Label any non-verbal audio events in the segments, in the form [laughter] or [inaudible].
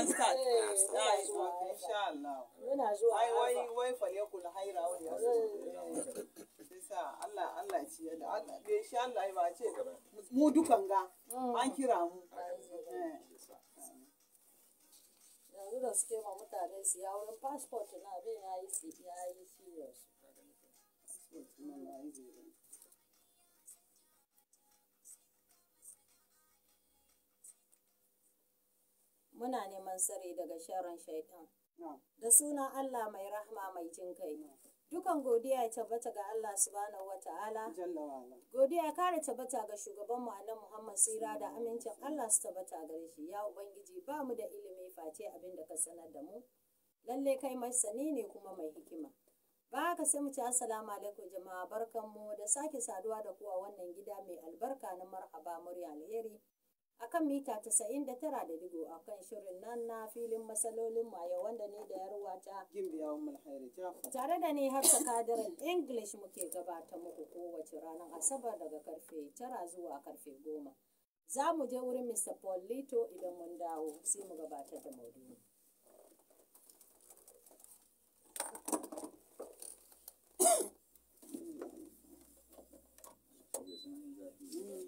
an start za zuwa insha Allah ai wai wai fale kul haira wani ya sa Allah Allah ci da Allah insha Allah ba ce mu dukan ga an kira mu yanzu da suke ma mutane su ya wurin passport na abin ya yi serious muna neman sare daga sharan shaitan da sunan Allah mai rahma mai jin kai dukan godiya ya tabbata ga Allah subhanahu wa ta'ala godiya ya kare tabbata ga shugaban mu annabi Muhammad Sira da amincin Allah su tabbata gare shi ya ubangiji ba mu da ilimi face abin da ka sanar da mu lalle kai mai sani ne kuma mai hikima ba ka sai mu ci assalamu alaikum jama'a mu da sake saduwa da kuwa wannan gida mai albarka na marhaba murya alheri a kan mita a kan shirin nan na filin masalolin maye wanda ne da yarwa ta tare da ni har kadarin english muke gabata muku kowace ranar asabar daga karfe 9 zuwa karfe 10 za mu je wurin mr polito idan mun dawo sai mu gabatar da maudu'i [coughs]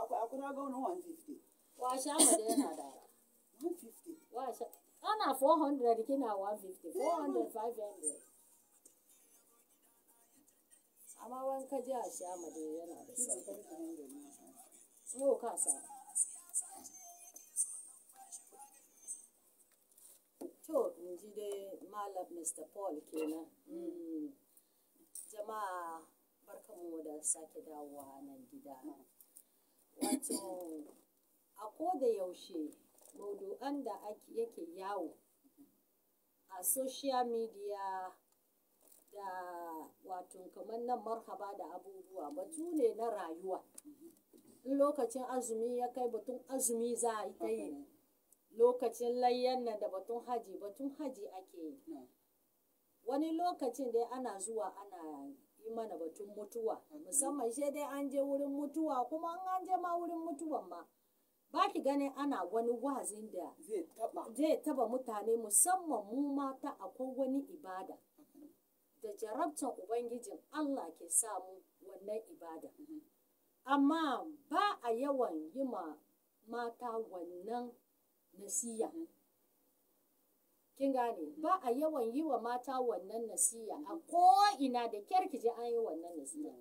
akwai akura gauna 150 wa sha da yana da 150 wa sha ana 400 kina 150 400 500 amma wan ka ji a sha mu da yana da yau ka sa to in ji dai malam mr paul kenan mm. Mm. jama'a barkamu da sake dawowa nan gida a ko da yaushe maudu'an da yake yawo a social media da wato kamar nan marhaba da abubuwa batu ne na rayuwa. In lokacin azumi ya kai batun azumi za a yi ta yi, lokacin layyan nan da batun haji batun haji ake yi. Wani lokacin dai ana zuwa ana yi mana batun mutuwa musamman shi dai an je wurin mutuwa kuma an an je ma wurin mutuwan ma ba ki ganin ana wani wazin da zai taba mutane musamman mu mata akwai wani ibada da jarabtar ubangijin Allah ke samu wannan ibada amma ba a yawan yi ma mata wannan nasiya kin gane ba a yawan yi wa mata wannan nasiya a ko'ina da kyar ki je an yi wannan nasiya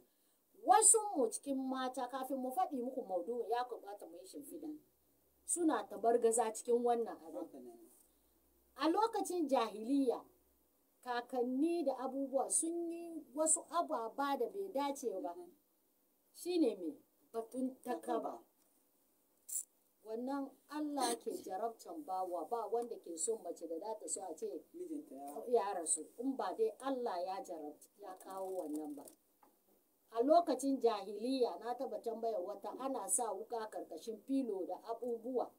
wasu mu cikin mata kafin mu faɗi muku maudu ya kamata mu yi shimfiɗa suna gaza cikin wannan abin a lokacin jahiliya kakanni da abubuwa sun yi wasu ababa da bai dace ba mm-hmm. shine me batun takaba wannan Allah ke jarabtan bawa ba wanda ke son mace da ta so a ce ya rasu in ba dai Allah ya jarabta ya kawo wannan ba a lokacin jahiliya na taba tambayar wata ana sa wuka karkashin filo da abubuwa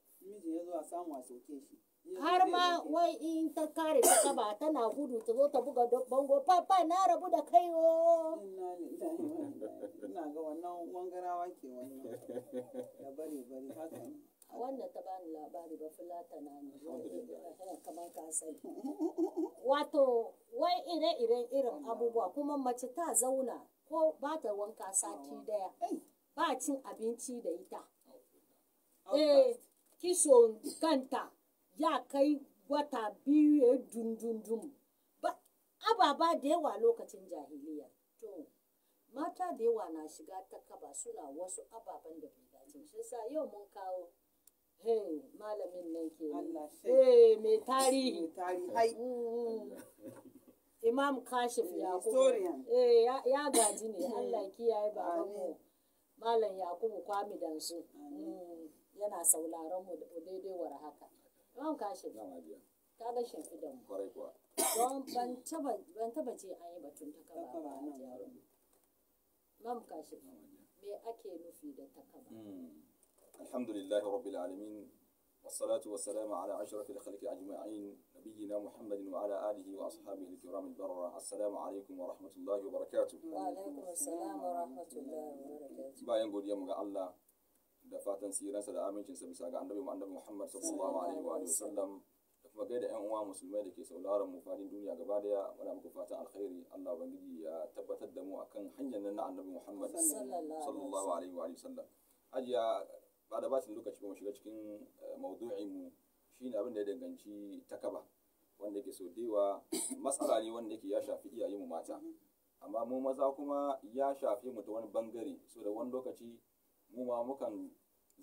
har ma wai in ta kare ta kaba tana gudu ta zo ta buga bango papa na rabu da kai o wanda ta bani labari ba fulatana ne kamar ka sani wato wai ire-iren irin abubuwa kuma mace ta zauna ko ba ta wanka sati daya ba cin abinci da ita eh kiso kanta ya kai wata biyu ya ba ababa da yawa lokacin jahiliya to mata da yawa na shiga ta kaba suna wasu ababen da bai dace yau mun kawo malamin nan ke eh mai tarihi mm, mm. imam kashif eh, eh, ya ya gaji ne [coughs] allah kiyaye babanmu malam yakubu kwami dansu mm, yana sauraron mu daidai war haka imam kashif ta ga shimfidan mu don ban taba ce an yi batun ta kaba ba imam kashif me ake nufi da ta الحمد لله رب العالمين والصلاة والسلام على أشرف الخلق أجمعين نبينا محمد وعلى آله وأصحابه الكرام البررة السلام عليكم ورحمة الله وبركاته وعليكم السلام ورحمة الله وبركاته باين قول يوم الله da fatan sirarsa da amincinsa bisa ga annabi annabi sallallahu alaihi wa alihi wasallam da kuma gaida ƴan uwa musulmai da ke sauraron mu fadin duniya gaba daya muna muku fatan alkhairi Allah ubangiji ya tabbatar da mu akan hanyar na annabi sallallahu alaihi wa ba da batin lokaci ba mu shiga cikin eh, maudu'in mu shine abin da ya danganci takaba wanda ke so dewa matsala ne wanda ke ya shafi iyayen mu mata amma mu maza kuma ya shafi mu ta wani bangare so da wani lokaci mu ma mukan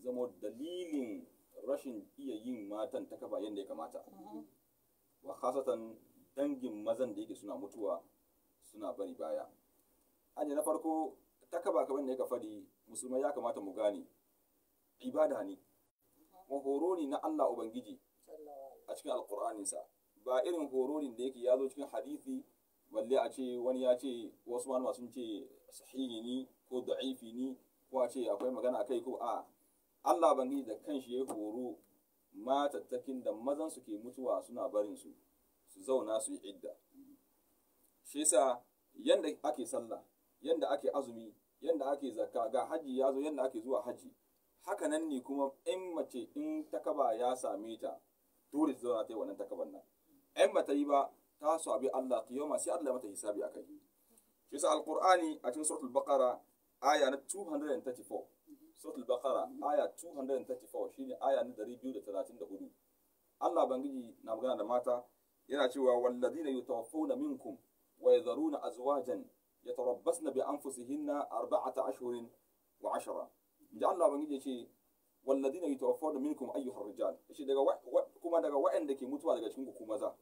zama dalilin rashin iya yin matan takaba yadda ya kamata wa khasatan dangin mazan da yake suna mutuwa suna bari baya an na farko takaba kamar da ya fadi musulmai ya kamata mu gane ibada ne horo ne na Allah ubangiji a cikin alkur'aninsa ba irin horo ne da yake ya zo cikin hadisi? balle a ce wani ya ce wasu ma sun ce sahihi ni ko da'ifi ni ko a ce akwai magana akai ko a Allah Ubangiji da kanshi ya horo matattakin da mazan su ke mutuwa suna barin su su zauna su yi idda shi yasa yanda ake sallah yanda ake azumi yanda ake zakka ga haji ya zo yanda ake zuwa haji haka nan ne kuma in mace in takaba ya same ta dole ta ta yi wannan takabar nan in ba ta yi ba ta sabi Allah qiyama sai Allah mata hisabi akai shi yasa alqur'ani a cikin suratul baqara aya na 234 suratul baqara aya 234 shine aya na 234 Allah bangiji na magana da mata yana cewa walladina yutawaffawna minkum wa yadharuna azwajan yatarabbasna bi anfusihinna arba'ata ashhurin wa ashara da Allah ya ce walladina yatawaffawna minkum ayyuhar rijal shi daga kuma daga waɗanda ke mutuwa daga cikin ku maza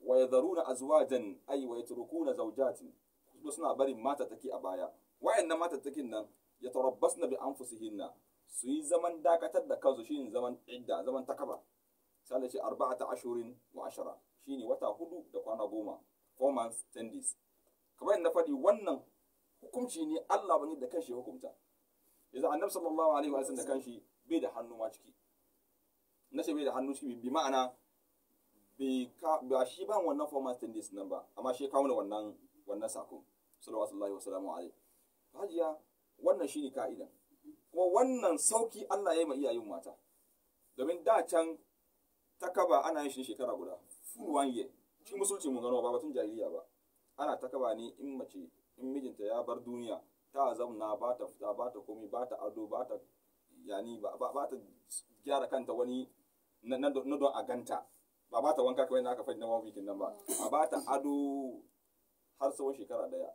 wa yadharuna azwajan ay wa yatrukuna zawjatin kuma suna barin mata take a baya waɗannan mata take nan yatarabbasna bi anfusihinna su yi zaman dakatar da kansu shine zaman idda zaman takaba sai ce arba'ata ashurin wa ashara ne wata hudu da kwana goma four months ten days yadda na faɗi wannan hukunci ne Allah bane da kanshi hukunta yanzu annabi sallallahu alaihi wa sallam da kanshi bai da hannu ma ciki na ce bai da hannu ciki bi ma'ana ba shi ba wannan formal din nan ba amma shi kawo wannan wannan sako sallallahu alaihi wa sallam alaihi hajiya wannan shine ka'ida kuma wannan sauki Allah ya yi ma iyayen mata domin da can takaba ana yin shi shekara guda full one year shi musulci mun gano ba batun jahiliya ba ana takaba ne in mace in mijinta ya bar duniya ta zauna ba ta fita ba ta komai ba ta ado ba ta yani ba ta gyara kanta wani na don a ganta ba ba ta wanka kawai na aka faɗi na wani nan ba a ba ta ado har tsawon shekara daya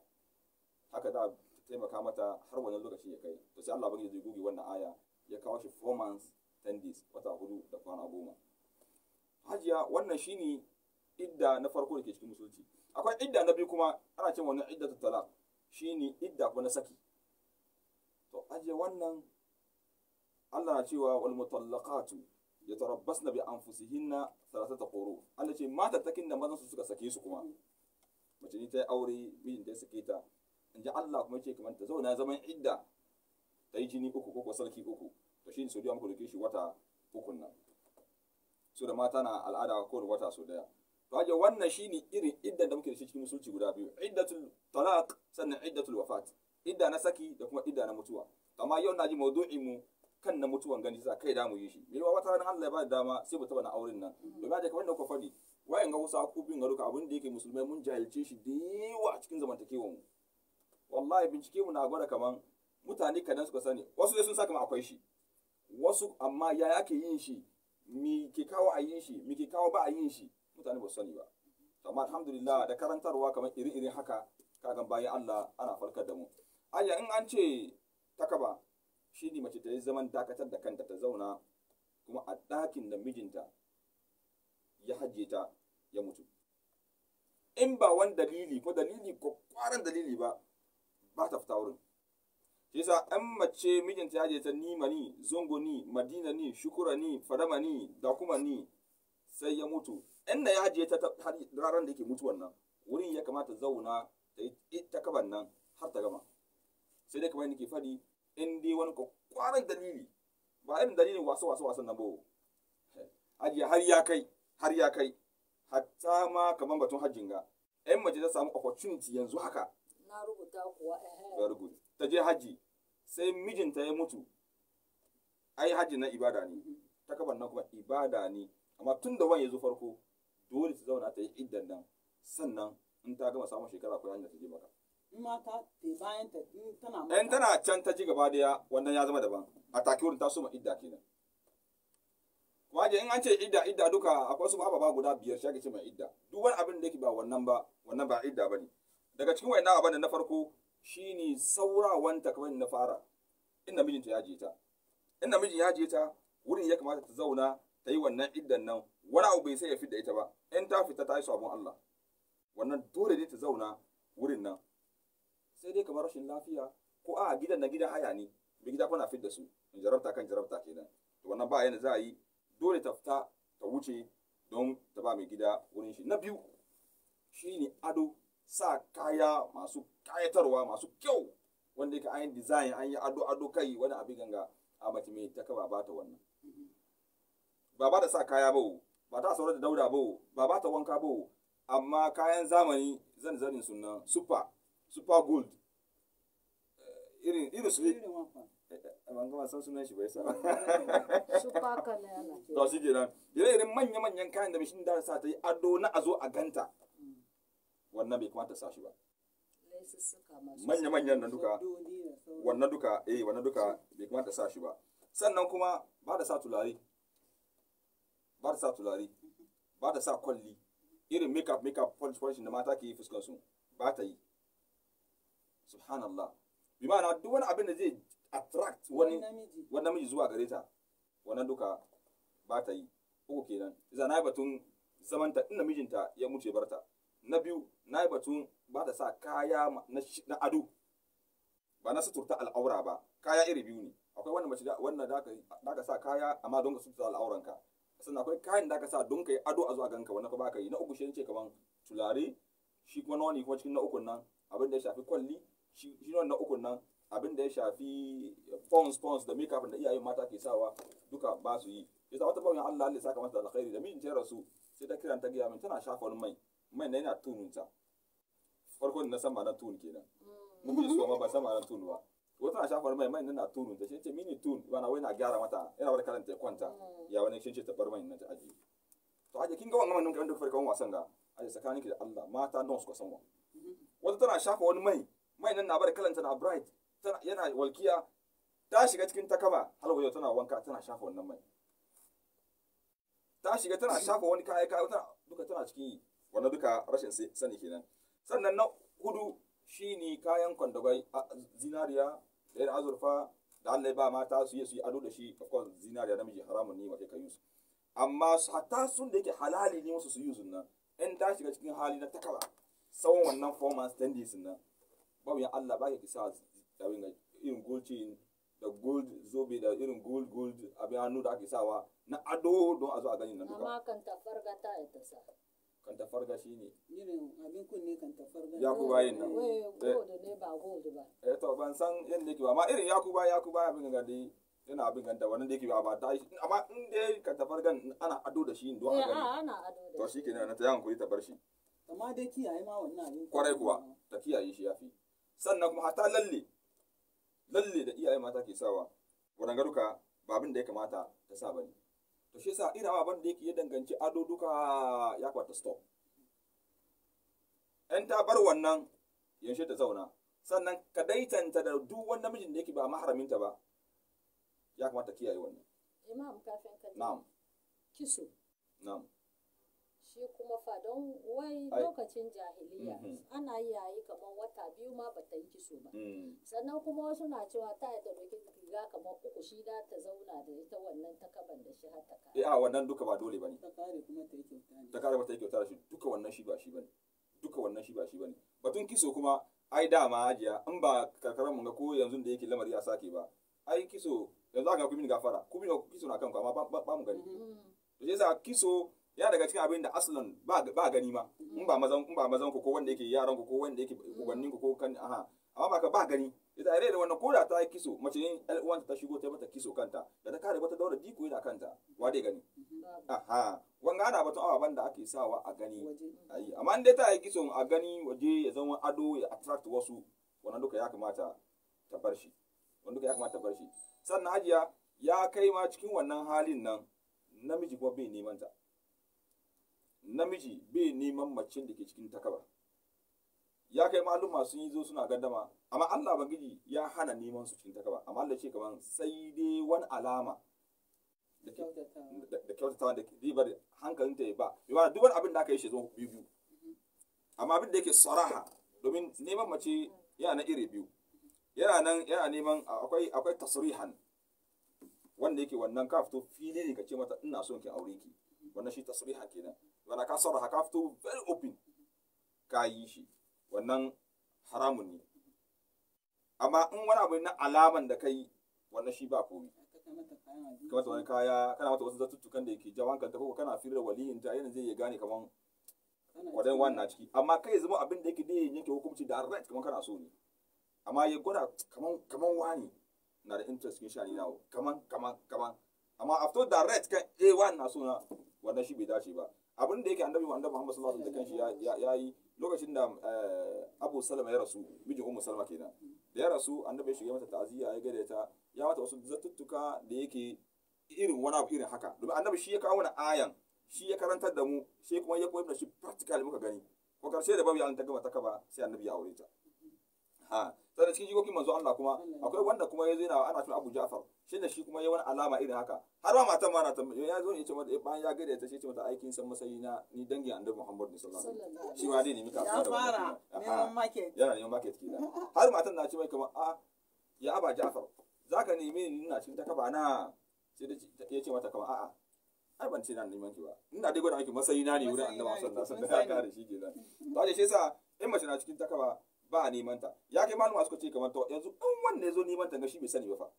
haka da taimaka mata har wani lokaci ya kai to sai Allah bane zai goge wannan aya ya kawo shi four months ten days wata hudu da kwana goma hajiya wannan shine idda na farko da ke cikin musulunci akwai idda na biyu kuma ana cin wannan idda talaq shine idda ko na saki to aje wannan Allah na cewa wal mutallaqatu yatarabbasna bi anfusihinna thalathata quru Allah ce mata takin da mazan su suka sake su kuma mace ni ta yi aure mijin ta sake ta in ji Allah kuma ce kamar ta zauna zaman idda ta yi jini uku ko sarki uku to shine so da muku shi wata ukun nan so da mata na al'ada ko wata so daya to wannan wannan shine irin iddan da muke da shi cikin musulci guda biyu iddatul talaq sannan iddatul wafat idda na saki da kuma idda na mutuwa amma yau na ji maudu'in mu kan na mutuwan gani za kai da mu yi shi yawa wata ranar Allah ya ba da dama sai mu taba na auren nan domin da kamar da kuka faɗi wayan ga wasu akubin ga duka abin da yake musulmai mun jahilce shi da yawa a cikin zamantakewan mu wallahi bincike mu na gwada kaman mutane kadan suka sani wasu sai sun saka akwai shi wasu amma yaya yake yin shi mi ke kawo a yin shi mi ke kawo ba a yin shi mutane ba su sani ba amma alhamdulillah da karantarwa kamar iri iri haka kagan bayan Allah ana farkar da mu ayya in an ce takaba shi ne mace ta yi zaman dakatar da kanta ta zauna kuma a ɗakin da mijinta ya hajje ta ya mutu in ba wan dalili ko dalili ko kwaran dalili ba ba ta fita wurin shi yasa an mace mijinta ya je ta nima ni zongo ni madina ni shukura ni fadama ni dakuma ni sai ya mutu da ya hajiye ta ranar da yake mutuwan nan wurin ya kamata zauna ta ita kaban nan har ta gama sai dai kamar ke faɗi in dai wani kwanan dalili ba irin dalilin wasu wasu wasan nan ba hajiya har ya kai har ya kai hatta ma kamar batun hajjin ga ɗan mace ta samu opportunity yanzu haka na rubuta kuwa ya rubuta ta je haji sai mijinta ya mutu ai haji na ibada ne mm-hmm. ta kaban nan kuma ibada ne amma tun da wani ya zo farko dole ta zauna ta yi iddan nan sannan in ta gama samun shekara ko hanyar ta je maka in ma ta te bayan ta in tana maka in tana can ta ji gaba daya wannan ya zama daban a take wurin ta soma idda kenan kuma in an ce idda idda duka akwai su ba guda biyar shi ake ce mai idda duk wani abin da yake ba wannan ba wannan ba idda bane daga cikin wayannan abin na farko shine ta kamar na fara inda mijinta ya je ta inda mijin ya je ta wurin ya kamata ta zauna ta yi wannan iddan nan wani abu bai sai ya fidda ita ba in ta fita ta yi sabon Allah wannan dole ne ta zauna wurin nan sai dai kamar rashin lafiya ko a gidan na gidan haya ne bai gida fa na fidda su in jarabta kan jarabta kenan to wannan ba yana za a yi dole ta fita ta wuce don ta ba mai gida wurin shi na biyu shine ado sa kaya masu kayatarwa masu kyau wanda ka an yi design an yi ado ado kai wani abin ganga a mace mai ta ba ta wannan ba ba da sa kaya ba ba ta saurar da dauda bo ba ba ta wanka bo amma kayan zamani zan zarin sunan super super gold eh, irin irin su eh, eh, ban gama san sunan shi bai sa [laughs] super kalala to shi ire manya manyan kayan da mishin da sa ta yi ado na azo a ganta mm. wannan bai kamata sa shi ba manya manyan nan duka wannan duka eh wannan duka bai kamata sa shi ba sannan kuma ba da sa tulare ba ta sa tulare ba ta sa kwalli irin makeup makeup polish polish da mata ke yi fuskar su ba ta yi subhanallah bi ma'ana duk wani abin da zai attract wani wani namiji zuwa gare ta wannan duka ba ta yi uku kenan idan na yi batun zamanta inda mijinta ya mutu ya barta na biyu na yi batun ba ta sa kaya na ado ba na suturta al'aura ba kaya iri biyu ne akwai wanda mace wannan da ka sa kaya amma don ka suturta al'auranka sannan akwai kayan da aka sa don kai ado a zuwa ganka wani ka baka yi na uku shi ce kaman tulare shi kuma na wani kuma cikin na uku nan abin da ya shafi kwalli shi na uku nan abin da ya shafi eh, pons pons da makeup da iyayen mata ke sawa duka ba su yi yasa wata bawon Allah Allah ya saka masa alkhairi da min jera su sai ta kiran ta giya min tana shafa wani mai mai na yana ta farkon na sama na tun kenan mun mm. ji su ma ba sama na tun ba wata na shafar mai mai nuna na tunun ta ce mini tun wani wai na gyara mata yana wani karanta ya kwanta mm. ya wani shi ce ta bar mai nan ta aji to aje kin ga wannan wannan kan da wani wasan ga aje tsakanin ki da Allah mata nawa suka san wa mm-hmm. wata tana shafa wani mai mai nan na bar kalanta na bright yana walkiya ta shiga cikin takaba har wajen tana wanka tana shafa wannan mai ta shiga tana shafa wani kaya kaya tana duka tana cikin yi wannan duka rashin sani kenan sannan na hudu ne kayan kwandagwai zinariya ɗaya da azurfa da Allah ya ba mata su yi su yi ado da shi of course zinariya namiji haramun ne mace ka su amma hatta sun da yake halali ne wasu su yi su nan in ta shiga cikin hali na takara tsawon wannan foman months nan babu ya Allah ba ya kisa abin ga irin gold da gold zobe da irin gold gold abin hannu da ake sawa na ado don a zo a gani nan duka amma kan tafarga ta ita sa kan tafarga shi ne irin abin kunne kan tafarga yakuba yin nan eh, eh. gold ne ba gold ba eh to ban san yadda yake ba amma irin yakuba yakuba abin ga dai yana abin ganta wannan da yake ba ba ta amma in dai kan tafargan ana ado da shi don eh, a gani ana ado da to shikenan na ta yan koyi ta bar shi amma dai kiyaye ma wannan abin kwarai kuwa ta kiyaye shi yafi sannan kuma hata lalle lalle da iyaye mata ke sawa wadanga duka ba abin da ya kamata ta sa bane to shi yasa irin abin da yake ya danganci ado duka ya kwata stop in ta bar wannan yaushe ta zauna sannan ka daitanta da duk wani namijin da yake ba maharaminta ba ya kamata kiyaye wannan imam kafin na'am na'am shi kuma fa don wai lokacin jahiliya mm-hmm. ana yayi kamar wata biyu ma ba ta yi kiso ba mm. sannan kuma wasu na cewa ta da doki riga kamar uku shi da ta zauna da ita wannan takaban da shi har ta kare eh, a wannan duka ba dole bane ta kare kuma ta yi kyauta ta kare ba ta yi kyauta da shi duka wannan shi ba shi bane duka wannan shi ba shi bane batun kiso kuma ai dama ajiya in ba karkaran mun ga ko yanzu da yake lamari a sake ba ai kiso yanzu aka kuma gafara kuma kiso na kanku amma ba mu gani mm-hmm. to yasa kiso ya daga cikin abin da aslan ba gani ma in ba mazan in ba mazan ku ko wanda yake yaran ku ko wanda yake ubannin ku ko kan aha amma ba ka ba gani ita are da wannan koda ta yi kiso mace ne ɗan uwanta ta shigo ta mata kiso kanta da ta kare wata daura diko yana kanta wa dai gani aha wanga ana batun awa banda ake sawa a gani ayi amma in dai ta yi kiso a gani waje ya zama ado ya attract wasu wannan duka ya kamata ta bar shi wannan duka ya kamata ta bar shi sannan hajiya ya kai ma cikin wannan halin nan namiji kuma bai neman ta namiji bai neman macen da ke cikin takaba ya kai maluma sun yi zo suna gaddama amma Allah bangiji ya hana neman su cikin takaba amma Allah ce kaman sai dai wani alama da kyautata da bar hankalin ta ya ba bi ba duk wani abin da aka yi shi zo biyu amma abin da yake saraha domin neman mace yana na iri biyu yana nan yana neman akwai akwai tasrihan wanda yake wannan ka fito fili ne ka ce mata ina son ki aure ki wannan shi tasriha kenan wanda ka sarraha ka fito very open ka yi shi wannan haramun ne amma in wani abu na alaman da kai wannan shi ba komi kamar wani kaya kana mata wasu zatuttukan da yake jawan kanta ko kana firar waliyin ta yanzu zai gane kaman wadai wani na ciki amma kai zama abin da yake da yanke hukunci da right kaman kana so ne amma ya gwada kaman kaman wani na da interest kin shari'a nawo kaman kaman kaman amma after direct kan eh wani na so na wannan shi bai dace ba abin da yake annabi annabi Muhammad sallallahu alaihi wasallam da kanshi ya yi lokacin da eh, Abu Salama ya rasu mijin Ummu Salama kenan da ya rasu annabi ya shiga mata ta'aziyya ya gare ta ya mata wasu zattuttuka da yake irin wani abu irin haka domin annabi shi ya kawo wani ayan shi ya karantar da mu shi kuma ya koyar da shi practical muka gani ko karshe da babu ya ta gama ta kaba sai annabi ya aure ta ha sannan cikin jikokin manzo Allah kuma akwai wanda kuma ya zina ana tun Abu Ja'far da shi kuma ya wani alama irin haka har ma matan ma na tambaye ya zo ne ce mata bayan ya gare ta ce ce mata aikin san masayi na ni dangi Annabi Muhammad sallallahu alaihi wasallam shi ma dai ne mika ya fara neman market yana neman market kila [laughs] har matan na ce mai kamar a ah, ya Abu Ja'far zaka neme ni ina cikin ta kaba na sai ya ce mata kamar a'a ai ban ce na neman ki ba ina dai gwada miki masayi na ne wurin Annabi sallallahu alaihi wasallam da ka da shi kenan to shi yasa in mace na cikin takaba ba a neman ta ya kai malama suka ce kamar to yanzu in wanda ya zo neman ta ga shi bai sani ba fa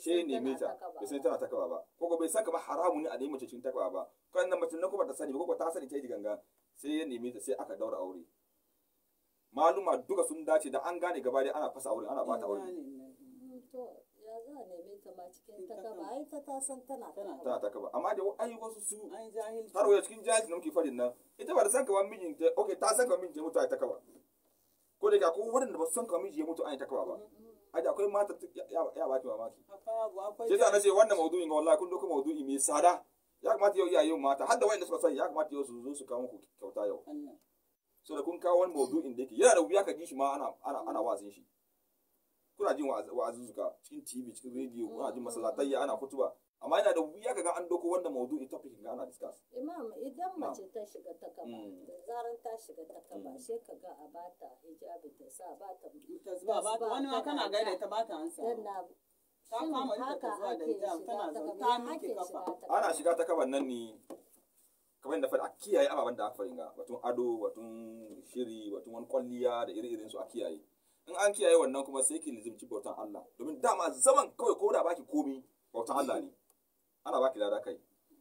she neme ta bai san tana takawa ba ko bai san kamar haramu ne a neman mace cikin takawa ba kan nan mace na kuma ta sani ba ko ta sani ta yi ganga sai ya neme ta sai aka daura aure maluma duka sun dace da an gane gaba dai ana fasa aure ana bata aure ya za a neme ta ma cikin ai ta ta san tana tana amma da ai wasu su har wajen cikin jahilci da muke fadin nan ita ba da san kamar mijinta okay ta san kamar mijinta mutu ta takaba ko da ga ko wurin da ba son kamiji ya mutu an ta kawa ba aji akwai mata ya baki mamaki sai ta nace wannan maudu'in ga wallahi kun doka maudu'i mai sada ya kamata yau yau mata har da da suka sani ya kamata yau su zo su kawo ku kyauta yau so da kun kawo wani maudu'in da yake yana da wuya ka ji shi ma ana ana ana wazin shi kuna jin wa'azuzuka cikin tv cikin rediyo kuna jin masallatai ana kutuba amma yana da wuya ga an doko wannan maudu'i topic ga ana discuss imam idan mace ta shiga ta kaba mm. da zaran ta shiga ta kaba mm. sai ga a bata hijabi ta sa bata tazba bata wani ma kana ga da ta bata ansa danna ta kama ita ta zuwa da hijab tana zaune ta miki kafa ana shiga ta kaba nan ne kamar yadda fara a kiyaye ababen da aka faɗi ga batun ado batun shiri batun wani kwalliya da iri-irin su a kiyaye in an kiyaye wannan kuma sai ki lizimci bautan Allah domin dama zaman kawai ko da baki komi bautan Allah ne ana baki lada kai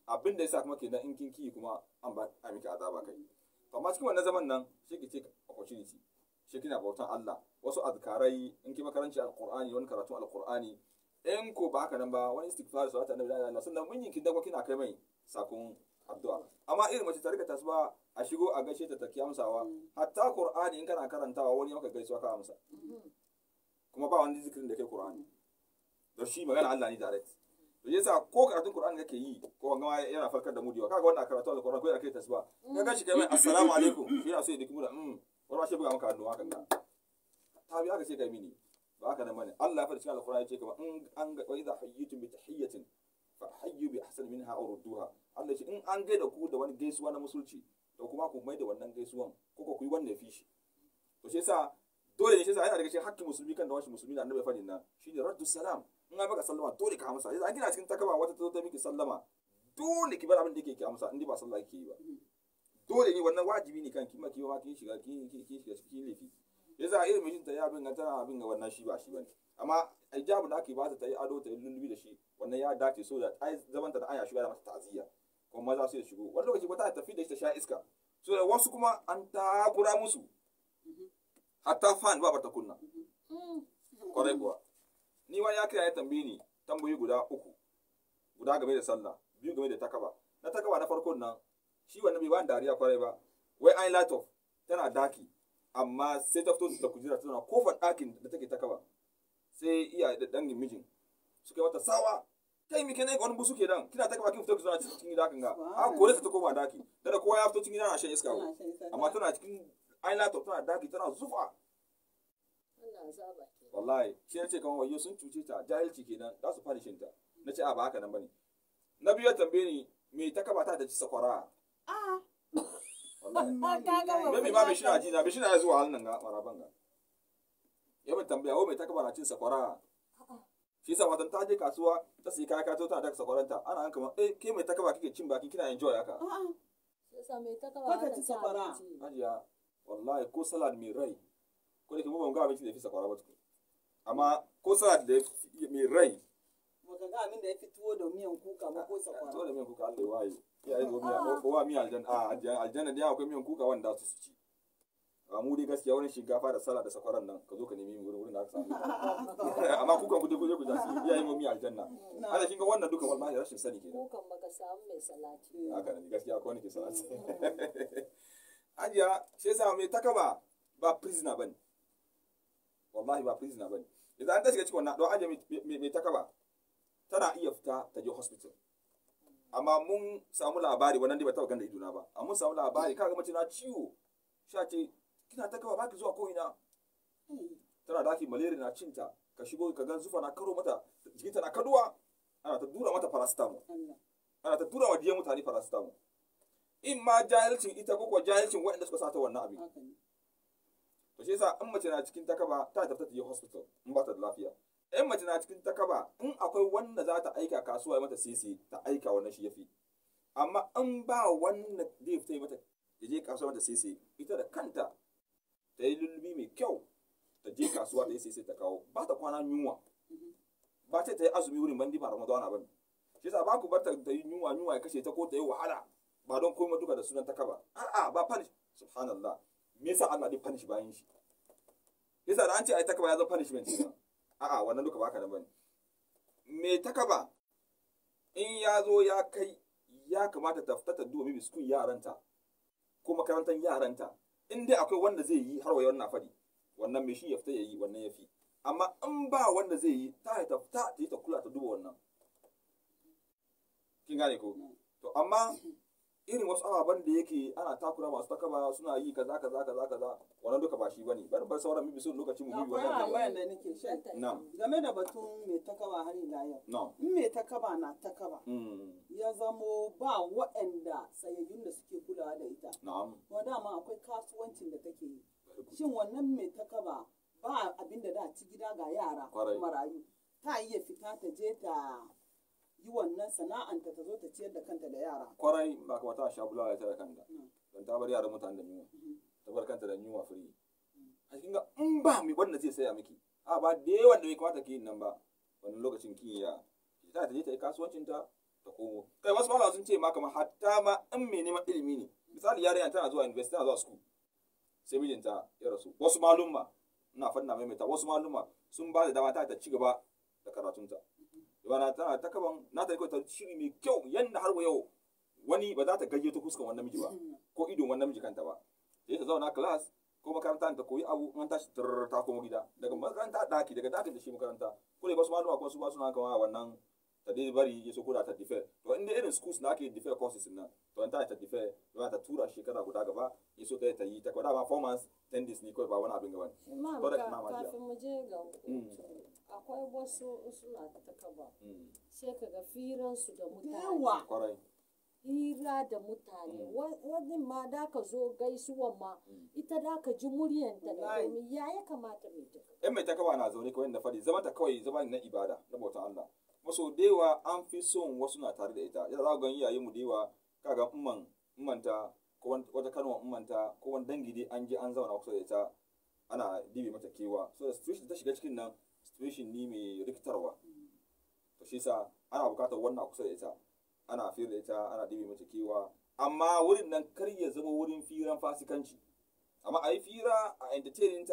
abin da yasa kuma kenan in kin kiyi kuma an ba a miki azaba kai to amma cikin wannan zaman nan shi ki take opportunity shi kina bautan Allah wasu azkarai in ki makaranci alqur'ani wani karatu alqur'ani in ko ba haka nan ba wani istighfar sai ta sallallahu alaihi wasallam mun yin kin dagwa kina kai mai sakon addu'a amma irin mace ta rika tasba a shigo a gaishe ta taki amsawa hatta qur'ani in kana karantawa wani maka gaisuwa ka amsa mm-hmm. kuma ba wani zikirin da kai qur'ani da shi magana Allah ne direct to yasa ko karatun Qur'ani kake yi ko wanga ma yana farkar da mu da kaga wannan karatu da Qur'ani ko yana kai tasba ka gashi kai mai assalamu alaikum yana so ya diki mu da mm wani shi buga maka addu'a kan nan ta biya ka ce kai mini ba haka nan bane Allah ya faɗi cikin Al-Qur'ani ce kamar in an ga idza hayyitum bi tahiyyatin fa hayyu bi ahsan minha aw rudduha Allah ce in an gaida ku da wani gaisuwa na musulci to kuma ku maida wannan gaisuwan ko ku yi wanda ya fi shi to shi yasa dole ne shi yasa yana daga cikin hakkin musulmi kan da wasu musulmi da annabi faɗin nan shine raddu salam in ai sallama dole ka amsa yanzu an kina cikin takaba wata ta zo ta miki sallama dole ki bar abin da yake ki amsa in ba sallah kike yi ba dole ne wannan wajibi ne kan ki maki ma kin shiga kin kin shiga cikin laifi yanzu a irin mijinta ya bin tana abin ga wannan shi ba shi bane amma hijabu da aka ba ta yi ado ta yi lullubi da shi wannan ya dace so da ai zamanta da an ya shiga da mata ta'aziyya kuma maza su ya shigo wani lokaci ta tafi da shi ta sha iska so da wasu kuma an takura musu mm-hmm. hatta fan ba ta kunna mm-hmm. kwarai kuwa ni wani ya kira ya tambayi ni tambayi guda uku guda game da sallah biyu game da takaba na takaba na farkon nan shi wannan bai ba dariya kwarai ba wai an lato tana daki amma sai ta fito da kujera tana kofar dakin da take takaba sai iya da dangin mijin suka wata sawa kai mi kenai wani busu ke dan kina takaba kin fito ki zauna cikin gida kan ga a kore ta koma daki da kowa ya fito cikin gida na shan iska amma tana cikin an lato tana daki tana zufa wallahi shi ya ce kan wayo sun cuce ta jahilci kenan za su fara ta na ce a ba haka nan bane na biyu tambaye ni me ta kaba ta ci sakwara a ah. wallahi [laughs] ma mai shina jina bai shina zuwa halin nan ga maraban ga ya ban tambaya o me ta kaba na cin sakwara shi sa watan ta je kasuwa ta sayi kaya kato ta da ta ana an kamar eh ke mai ta kaba kike cin baki kina enjoy haka a sai mai ta kaba ta ci sakwara wallahi ko salad mai rai ko ne ke mu ga abinci da fi sakwara ba tukun amma ko sa da mai rai baka ga abin da ya fi tuwo da miyan kuka ma ko sakwara tuwo da miyan kuka Allah ya waye ya yi gomi ko wa miyan ah, aljanna aljanna dai akwai miyan kuka wanda su ci a mu dai gaskiya wani shinkafa da sala da sakwaran nan ka zo ka nemi wurin wurin da aka samu [laughs] amma kukan kuje kuje kuje su ya yi momi aljanna ana shinga wannan dukan wallahi rashin sani kenan kukan baka samu mai salati eh, haka ne gaskiya akwai wani ke salati [laughs] ajiya sai sa mai takaba ba prisoner bane wallahi ba prisoner bane idan an ta shiga cikin wannan don aje mai takaba tana iya fita ta je hospital amma mun samu labari wannan dai ba ta ganda idona ba amma mun samu labari kaga mace na ciwo sha ce kina ta kaba baki zuwa ko ina tana daki malaria na cinta ka shigo ka ga zufa na karo mata jikinta na kaduwa ana ta dura mata paracetamol ana ta dura wa diyan mutane paracetamol in ma jahilcin ita ko jahilcin waɗanda suka sata wannan abin to shi yasa in mace na cikin takaba ta tafi ta je hospital in ba ta da lafiya in mace na cikin takaba in akwai wanda za ta aika kasuwa mata sisi ta aika wannan shi yafi amma in ba wanda zai fita mata ya je kasuwa mata sisi ita da kanta ta yi lullubi mai kyau ta je kasuwa ta yi sisi ta kawo ba ta kwana yunwa ba ta yi azumi wurin bandi ba ramadana ba ne shi yasa ba ku bar ta yi yunwa yunwa ya kashe ta ko ta yi wahala ba don komai duka da sunan takaba a'a ba fani subhanallah me yasa Allah dai punish bayan shi yasa da an ce ai takaba ya zama punishment ne a'a wannan duka baka da bane me takaba in ya zo ya kai ya kamata ta fita ta duba biskun yaranta ko makarantar yaranta in dai akwai wanda zai yi har wayo na fadi wannan me shi ya fita ya yi wannan ya fi amma in ba wanda zai yi ta ta fita ta yi ta kula ta duba wannan kin gane ko to amma irin wasu ababen da yake ana takura masu takaba suna yi kaza kaza kaza kaza wannan duka ba shi bane bari bar sauran mu bisu lokaci mu biyu wannan da nake shi game da batun me takaba har ila yau in me takaba na takaba hmm. ya zamo ba waɗanda sayayyun da suke kulawa da ita kuma dama akwai kasuwancin da take yi shin wannan me takaba ba abin da da ci gida ga yara marayu ta iya fita ta je ta yi wannan sana'anta ta zo ta ciyar da kanta da yara kwarai ba kuma ta sha bulawa ita da kanta hmm. don ta bar yaran mutane da yunwa hmm. ta bar kanta da yunwa firi hmm. a cikin ga in ba mai wanda zai saya miki a ba da yawa da bai kamata ki yi nan ba Wani lokacin ki ya ta ta je ta yi kasuwancin ta ta komo kai wasu malama sun ce ma kamar hatta ma in mai neman ilimi ne misali yarinya tana zuwa university tana zuwa school sai mijinta ya rasu wasu malumma ina faɗina maimaita wasu malumma sun ba da dama ta ci gaba bana tana ta kaban na ta kai ta shiri mai kyau yanda har yau wani ba za ta gayyato fuskan wannan miji ba ko idon wannan miji kanta ba sai ta zauna class ko makaranta ta koyi abu an tashi ta komo gida daga makaranta daki daga daki da shi makaranta ko ne ba su malama ko su ba suna kama wannan ta dai bari ya so koda ta dife to inda irin schools na ke dife courses nan to an ta ta dife to ta tura shekara guda gaba ya so ta yi ta kwada ba four months ten days ne ko ba wani abin gaba ne. ma kafin mu je ga mm. akwai wasu suna ta kaba mm. sai ka ga firansu da mutane hira da mutane mm. wani ma da ka zo gaisuwa ma mm. ita da ka ji muryan ta da domin ya ya kamata mai ta kaba mai ta kaba na zaune kawai da fadi zama ta kawai zama na ibada na bautan Allah maso dewa an fi son wasu na tare da ita yadda za ku iyaye mu dewa kaga umman ummanta ko wata kanwa ummanta ko wani dangi dai an je an zauna kusa da ita ana dibe mata kewa so da situation ta shiga cikin nan situation ni mai rikitarwa to shi sa ana bukatar wannan kusa da ita ana fira da ita ana dibe mata kewa amma wurin nan kar ya zama wurin firan fasikanci amma a yi fira a entertaining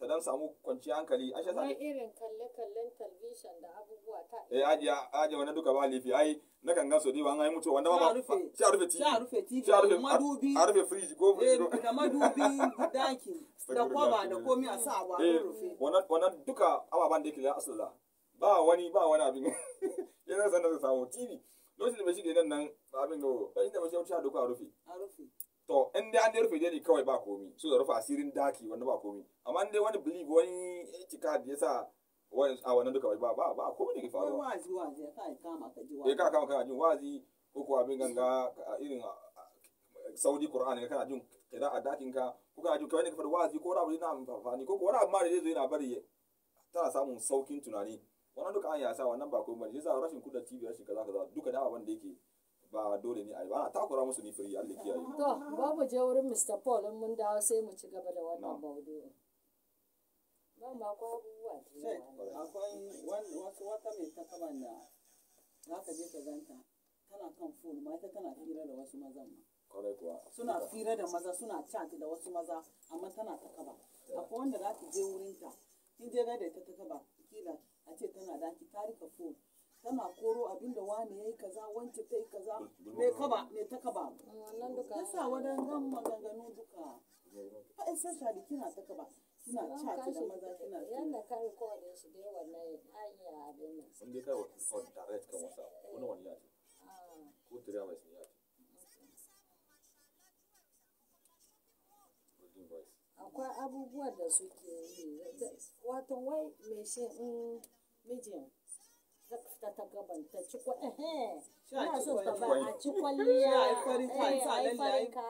ta dan samu kwanciyar hankali a shi sani irin kalle kallon talbishan da abubuwa ta eh ajiya ajiya wani duka ba lifi ai na kan gan sodi ba an yi mutuwa wanda ba ba. sai a rufe tv sai a rufe tv a rufe madubi a rufe fridge ko eh, fridge da madubi daki [laughs] da kwaba da komi a sa ba eh, rufe wannan wannan duka ababan da yake da asala ba wani ba wani abin yana [laughs] sanar da samu tv lokacin da bashi da nan nan abin da inda bashi ya wuce a duka a rufe a rufe to in dai an dai rufe jeji kawai ba komi so da rufe asirin daki wanda ba komi amma dai wani believe wani itikad ya sa a wannan duka ba ba ba komi ne ke faruwa wazi wazi ka kama ka ji eh, wazi ka kama kana jin wazi ko ko abin ganga irin saudi qur'an kana jin kira a dakin ka ko kana jin kawai ne ka faɗi wazi ko rabu yana amfani ko ko wani abu da zai zo yana bari tana samun saukin tunani wannan duka an yasa wannan ba komi ba yasa rashin kudin tv rashin kaza kaza duka da abin da yake ba dole ne a yi ba takura musu ni free Allah kiyaye to ba mu je wurin Mr Paul in mun dawo sai mu ci gaba da wannan maudu'in ba ma ko abubuwa akwai wasu wata mai ta kaban da za ka je ka ganta tana kan phone ma ita tana hira da wasu mazan ma suna fira da maza suna chat da wasu maza amma tana ta kaba akwai wanda za ki je wurin ta kin je da ita ta kaba kila a ce tana daki ta rika phone tana koro abin da wane ya yi kaza wance ta yi kaza mai kaba me ta kaba mm, wannan duka yasa wadannan maganganu duka sai especially kina ta kaba kina ta da maza kina yanda ka record shi dai wallahi an yi abin nan in dai kawo record direct kan wasa wani wani ya ce ah. ko tira mai ya ce akwai abubuwa da suke yi wato wai mai shi mijin mm, ta fita ta so ta ba a [laughs] kwalliya farin eh, kaya eh, mun yi eh, ka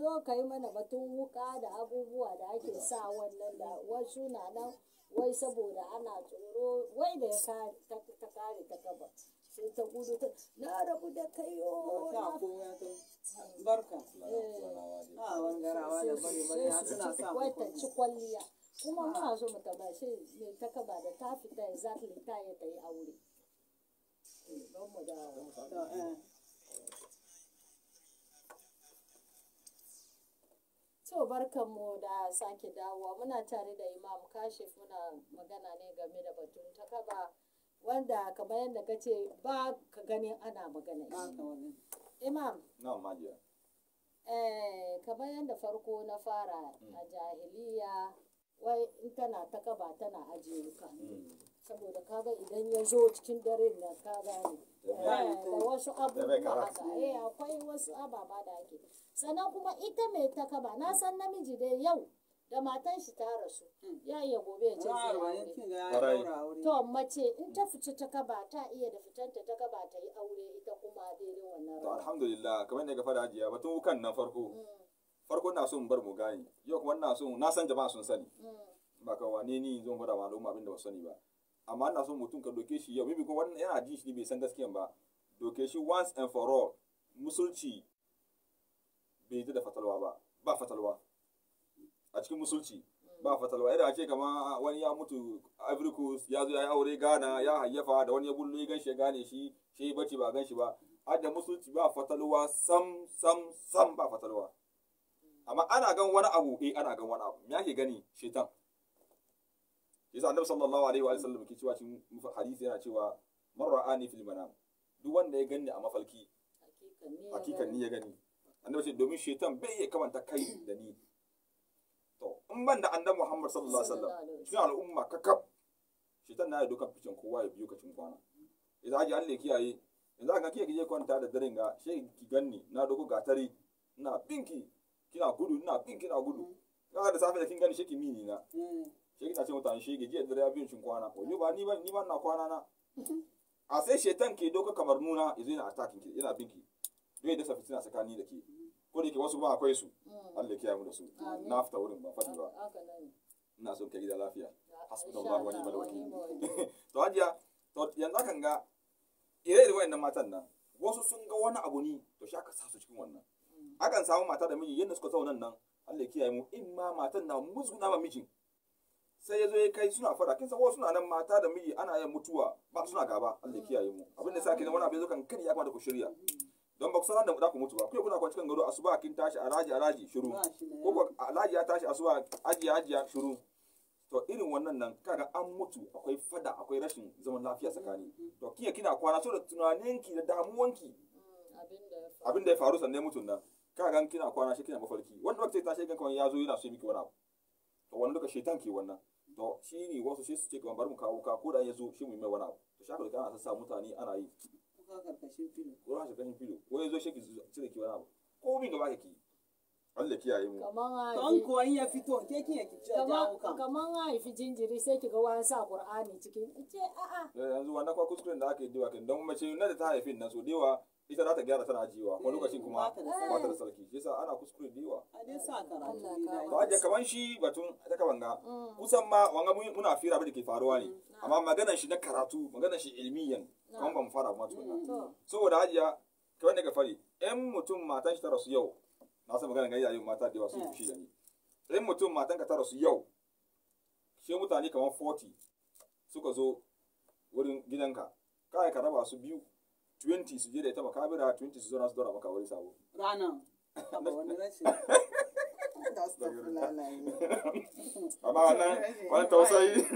zo mana batun wuka da abubuwa da ake sa wannan da wasu na nan wai saboda ana tsoro wai da ya kare ta gaba sai ta gudu ta na rabu da kai oh, yo barka eh, a ah, wangarawa da bare bare eh, a suna sa wata ci kwalliya kuma ah. muna so mu tabbace ne ta kaba da ta fita exactly ta yi ta yi aure don mu da To eh. barkanmu da sake dawowa muna tare da Imam Kashif muna magana ne game da batun ta takaba wanda kamar yadda kace ba ka ganin ana magana imam no, eh kamar yadda farko na fara hmm. a jahiliya wai in tana ta kaba tana ajiyuka hmm. saboda kaga idan ya zo cikin dare na ka gane da eh, wasu abubuwa haka eh akwai wasu ababa da ake sannan kuma ita mai takaba na san namiji dai yau da matan shi ta rasu mm. ya iya gobe ya ce to mace in ta fita ta kaba ta iya da fitanta ta kaba ta yi aure ita kuma daidai wannan to alhamdulillah kamar ne ga fara hajiya batun wukan na farko mm. farko na son bar mu gani yau kuma na son na san jama'a sun sani mm. ba ka wane ni zan da maluma abin da ba sani ba amma na son mutum ka doke shi yau bibi ko wannan yana jin shi bai san gaskiyan ba doke shi once and for all musulci bai da fatalwa ba ba fatalwa a cikin musulci ba fatalwa yadda a ce kama wani ya mutu ivory ya zo ya yi aure ghana ya hayyafa da wani ya bullo ya ganshi ya gane shi shi bacci ba ganshi ba hadda musulci ba fatalwa sam sam sam ba fatalwa amma ana gan wani abu eh ana gan wani abu me ke gani shetan yasa annabi sallallahu alaihi wa sallam ke cewa cikin hadisi yana cewa man ra'ani fil manam duk wanda ya gani a mafalki hakikan ni ya gani annabi ce domin shetan bai iya kamanta kai da ni in ban da annabi Muhammad sallallahu alaihi wasallam cikin al'umma kakaf shaitan na ya dukan ficin kowa ya biyo cikin kwana idan haji Allah ya kiyaye yanzu ga kiyaye je kwanta da daren ga sai ki ganni na dogo gatari ina binki kina gudu ina binki ina gudu mm. kaga da safe da kin gani sai ki mini na mm. sai kina ce mutane shi ga jiya dare ya biyo cin kwana ko ba ni ba ni ba na kwana na [laughs] a sai shaitan ke doka kamar nuna yanzu yana attacking ki yana binki dole da tana tsakani da ke ko da yake wasu ba akwai su mm. Allah ya kiyaye mu da su na fita wurin ba fadi ba ina son ka gida lafiya hasbunallahu wa ni'mal wakil [laughs] to hajiya to yanzu kan ga ire ire wayannan matan nan wasu sun ga wani abu ne to shi aka sa su cikin wannan mm. akan samu mata da miji yadda suka zauna nan Allah ya kiyaye mu in ma matan na musguna ma miji sai ya zo ya kai suna fada kin san wasu suna nan mata da miji ana yin mutuwa ba suna gaba Allah ya mm. kiyaye mu abin da sa kin wani abu ya zo kan kan ya kamata ku shirya don ba ku san da za ku mutu ba kai kuna kwanci kan gado asuba kin tashi araji araji shiru ko alaji ya tashi asuba aji ya shiru to irin wannan nan kaga an mutu akwai fada akwai rashin zaman lafiya tsakani mm-hmm. to kiya kina kwana so da tunaninki da damuwanki mm, abin da ya faru sannan mutun nan kaga kina kwana shi kina mafarki wanda wakati tashi ga kawai ya zo yana so miki wani abu to wani duka shaitan ke wannan to shi ne wasu shi su ce kamar bari mu kawo ka ko da ya zo shi mu yi mai wani abu to shaka da kana sa mutane ana yi kuka karkashin ka filo ko ya zo shi cire ki wani ko mi gaba ki Allah kiyaye mu kaman ai in ya fito ke ya ki ci jawo kan kaman ai fi jinjiri sai ki ga wani sa Qur'ani cikin ce a a eh, yanzu wannan kwa kuskuren da aka yi diwa kan dan mace na da ta haifin nan so dewa ita za ta gyara tana jiwa wani eh, lokacin kuma ba ta da sarki yasa ana kuskure da yawa ba da kaman shi batun ta kabanga mm. kusan ma wanga muna fira da ke faruwa ne mm, amma maganar shi na karatu maganar shi ilmiyan kuma ban fara kuma tukuna mm, saboda hajiya kai wanda ka fari in mutum matan shi ta rasu yau na san magana ga yayin mata da yawa sun fushi eh. da ni in mutum matan ka ta rasu yau shi mutane kamar 40 suka zo wurin gidanka kai ka raba su biyu 20 su je da ita makabira 20 su zo na su dora maka wani sabo ranan [laughs] amma wannan wani tausayi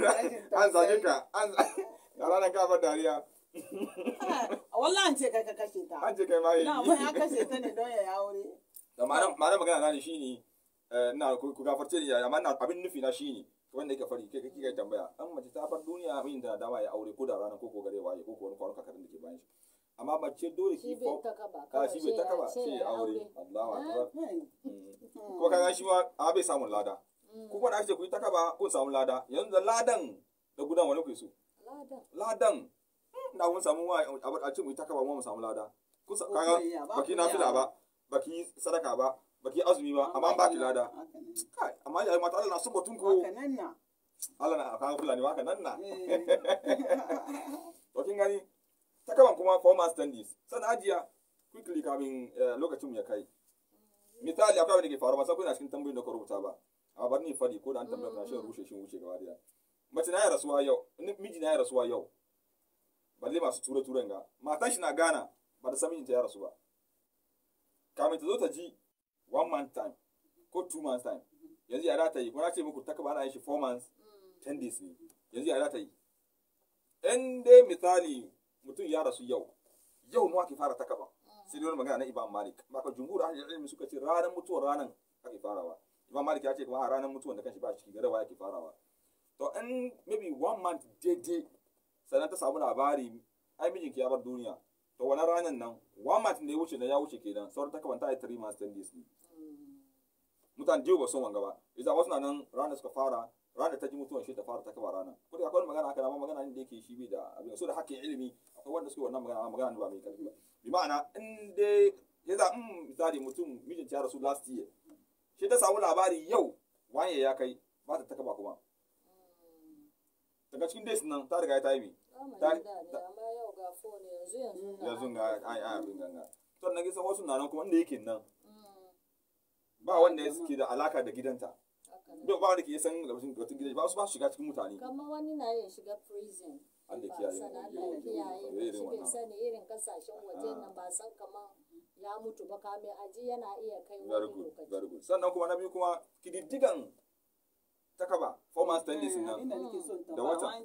an zage ka an [laughs] ranar kafa dariya Eh, Wallah an ce kai ka kashe ta. An ce kai ma yi. Na mai an kashe ta ne don ya yi aure. Da ma'ana magana na ne shine eh, n'a ku gafarce ni amma ina abin nufi na shine wanda yake fari kai kike tambaya an mace ta bar duniya min da dama ya aure ko da rana ko ko gare waye ko ko wani kwanuka karin da ke bayan shi. amma mace dole ki ko ka shi bai taka ba sai ya aure Allahu eh? akbar mm. ko kaga shi ma a bai samun lada ko mm. kuma da ake ku yi taka ba ko samun lada yanzu ladan da gudan wani ku so ladan da mun samu wa a ce mu ta kaba mu samu lada kun kaga baki na fila ba baki sadaka ba baki azumi ba amma baki lada amma ya mata Allah na so batun ko Allah na kaga fulani haka nan na eh. [laughs] to kin gani ta kaban kuma former standings san ajiya quickly kamin eh, lokacin ya kai misali akwai abin ke faru ba sai na cikin tambayoyin da ka rubuta ba a bar ni fadi ko da an tambaya na shi rushe shi wuce gaba daya mace na ya rasuwa yau miji na ya rasuwa yau balle masu ture-turen ga matan shi na gana ba da samun ta ya rasu ba kamin ta zo ta ji one month time ko two months time yanzu yara ta yi kuma ce muku takaba ana yin shi four months ten days ne yanzu yara ta yi in dai misali mutum ya rasu yau yau nuwa ke fara takaba sai dai wani magana na Iban malik baka jumhur ahli ilmi suka ce ranar mutuwar ranar ake farawa Iban malik ya ce kuma a ranar mutuwar da kanshi ba ciki garawa ake farawa to in maybe one month daidai sannan ta samu labari ai mijinki ya bar duniya to wani ranar nan one month ne ya wuce da ya wuce kenan sauran ta kamanta ai three months ten days ne mutane jiwo ba son wanga ba idan wasu na nan ranar suka fara ranar ta ji mutuwan shi ta fara ta kaba ranar da akwai magana aka na magana ne da yake shi bai da abin so da hakkin ilimi akwai wanda suke wannan magana magana ba mai karfi ba bi ma'ana in dai ya za in misali mutum mijin ya rasu last year shi ta samu labari yau wanye ya kai ba ta ta kaba kuma daga cikin days nan ta riga ta yi yanzu yanzu ga ai ai abin ganga to na gisa wasu na nan kuma inda yake nan mm. ba wanda ya ke da alaka da gidanta ba wanda ke san ga cikin gidan ba su ba su shiga cikin mutane kamar wani na yin shiga prison Allah kiyaye ya kiyaye shi bai sani irin kasashen waje ah. nan ba san kamar ya mutu ba kame aji yana iya kai wani lokaci sannan kuma na biyu kuma kididdigan ta kaba four months ten days hmm, nan da watan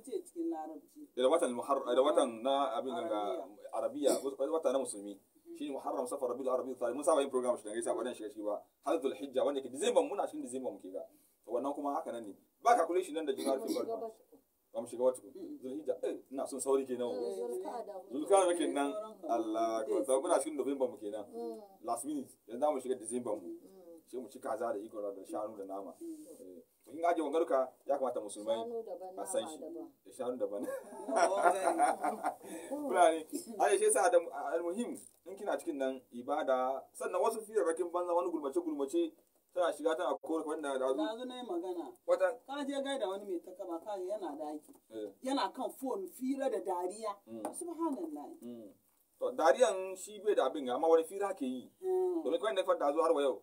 da watan da watan na abin ga arabiya wata na musulmi hmm. shine muharram safar rabiul arabi tsari mun saba yin program shi ne sai wannan shiga shi ba har dhul hijja wanda ke december muna cikin december muke ga wannan kuma haka nan ne ba calculation nan da jinar february ba mu shiga wata zul hijja eh ina son sauri kenan eh, zulka da nan? Allah ko sai muna cikin november muke kenan hmm. last minute yanzu mu shiga december mu sai mu ci kaza da ikon da shanu da nama eh. in aje wangarka ya kamata musulmai a san shi da shanu daban [laughs] fulani aje shi sa da muhim in kina cikin nan ibada sannan wasu fiye firarrakin banza wani gulmace gulmace tana shiga tana kore wanda da dazu na yi magana wata ka je gai da wani mai ta takaba ka yana daki eh. yana kan fon fira da dariya mm. subhanallah mm. dariyan shi bai da abin amma wani fira ke yi eh. domin kawai na fada dazu har wa yau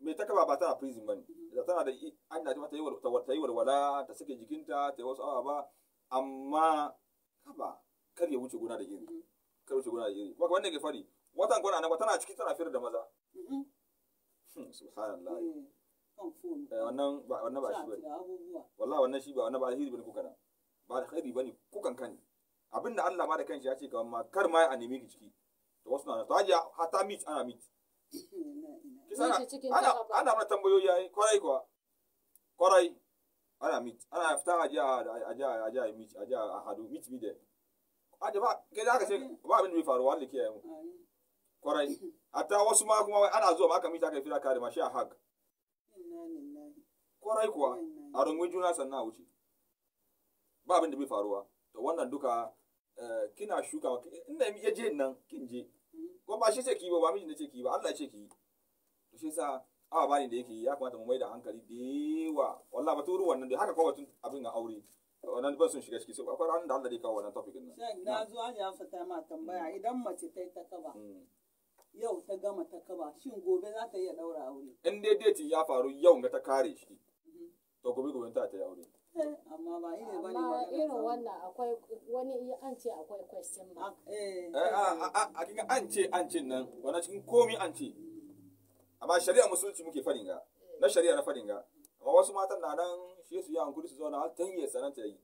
mai takaba ba ta prison bane mm. da tana da an da ta yi walwala ta sake jikinta ta yi wasu awa ba amma haba kar ya wuce gona da iri mm-hmm. kar wuce gona da iri kuma wannan ke fari watan gona nan tana ciki tana firar da maza mm-hmm. hmm, subhanallah eh, eh, wannan ba wannan ba shi bane wallahi wannan shi ba wannan ba alheri bane kuka nan ba alheri bane kukan kani abinda Allah ma da kanshi ya ce kamar ma kar ma a nemi ki ciki to wasu na ta hatta mit ana mit. [laughs] ana mana tambayoyi yayi kwarai kuwa kwarai ana ana fita a je a je a je a meet a je a hadu a je ba kai zaka ce ba abin da bai faruwa Allah kiyaye mu kwarai hatta wasu ma kuma ana zuwa ma aka meet aka fira kare ma shi a hag kwarai kuwa a rungumi juna sannan a wuce ba abin da bai faruwa to wannan duka eh, kina shuka inda ya je nan kin je hmm. ko ba shi ce ki ba ba mijin da ce ki ba Allah ya ce ki shi yasa awa bani da yake ya kamata mu mai da hankali da yawa wallahi baturu wannan da haka kawai tun abin ga aure wannan ban sun shiga ciki sai akwai ran da Allah zai kawo wannan topic din nan na zo an ya fata ma tambaya idan mace ta yi ta kaba yau ta gama ta kaba shin gobe za ta iya daura aure in dai date ya faru yau ga ta kare shi to gobe gobe ta ta yi aure amma ba irin bane ba irin wannan akwai wani an ce akwai question ba eh a a a an ce an ce nan wannan cikin komi an ce amma shari'a musulunci muke fadin ga na shari'a na fadin ga amma wasu matan na nan shi su yi hankuri su zauna ta yi sanan ta yi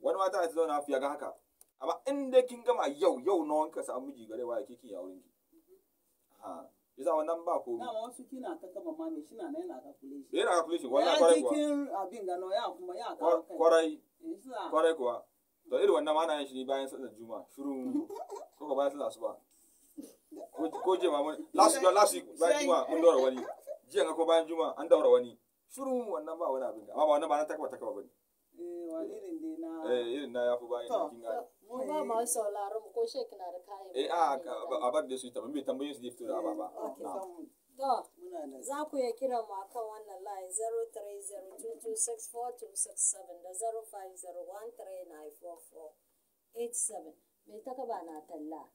wani mata ta zauna fiye ga haka amma in dai kin gama yau yau na wanka samu miji gare wa yake kin yawon ki ha yasa wannan ba ko dama wasu kina ta kama ma ne shina na yana calculation yana calculation wallahi kwarai kuwa cikin abin ga no ya kuma ya ka kwarai eh, kwarai kuwa to irin wannan ma na yin shi bayan sallar juma'a shiru [laughs] ko bayan sallar asuba ko jiya ma last year last week bayan juma mun daura wani jiya ga ko bayan juma an daura wani shiru wannan ba wani abin amma ba wannan ba na takaba takaba bane eh wani irin dai na ya eh, irin na yafi bayan kin ga mu ba ma sauraron ko shek na da kayan eh a a bar da su ta bai tambaye su da fito da ba ba eh, to za ku iya kira mu akan wannan line 0302264267 da 0501394487 mai takaba na talla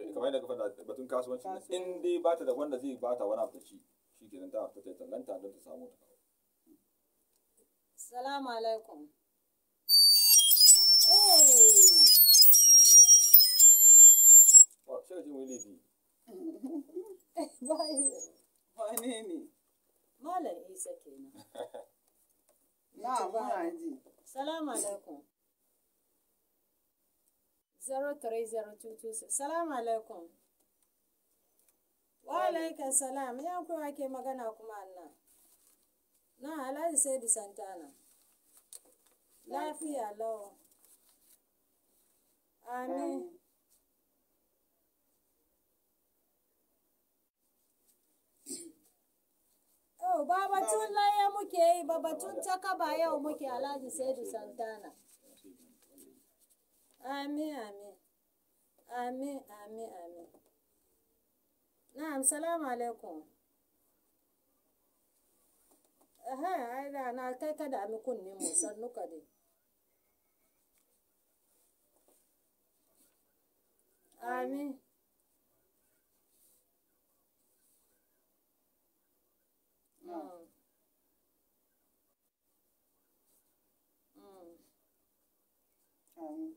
Eh, kamar yadda ka faɗa batun kasuwanci in dai ba ta da wanda zai ba ta wani abu da shi shi ke ta ta ta don ta samu ta kawo. Salamu alaikum. mai oh, laifi. ne? Malam Isa kenan. [laughs] Na, ba Salamu alaikum. 0302 salamu alaikum wa alaika salam ya kuma ke magana kuma Allah na alhaji sai di santana lafiya lau amin oh, ba batun laye muke yi ba batun takaba yau muke alhaji sai di santana Amin, amin. Amin, amin, amin. Na'am, salamu alaikum. Aha, ai na kai ka da ami kunne mu sannu ka dai. Amin. Mm. Mm. Amin.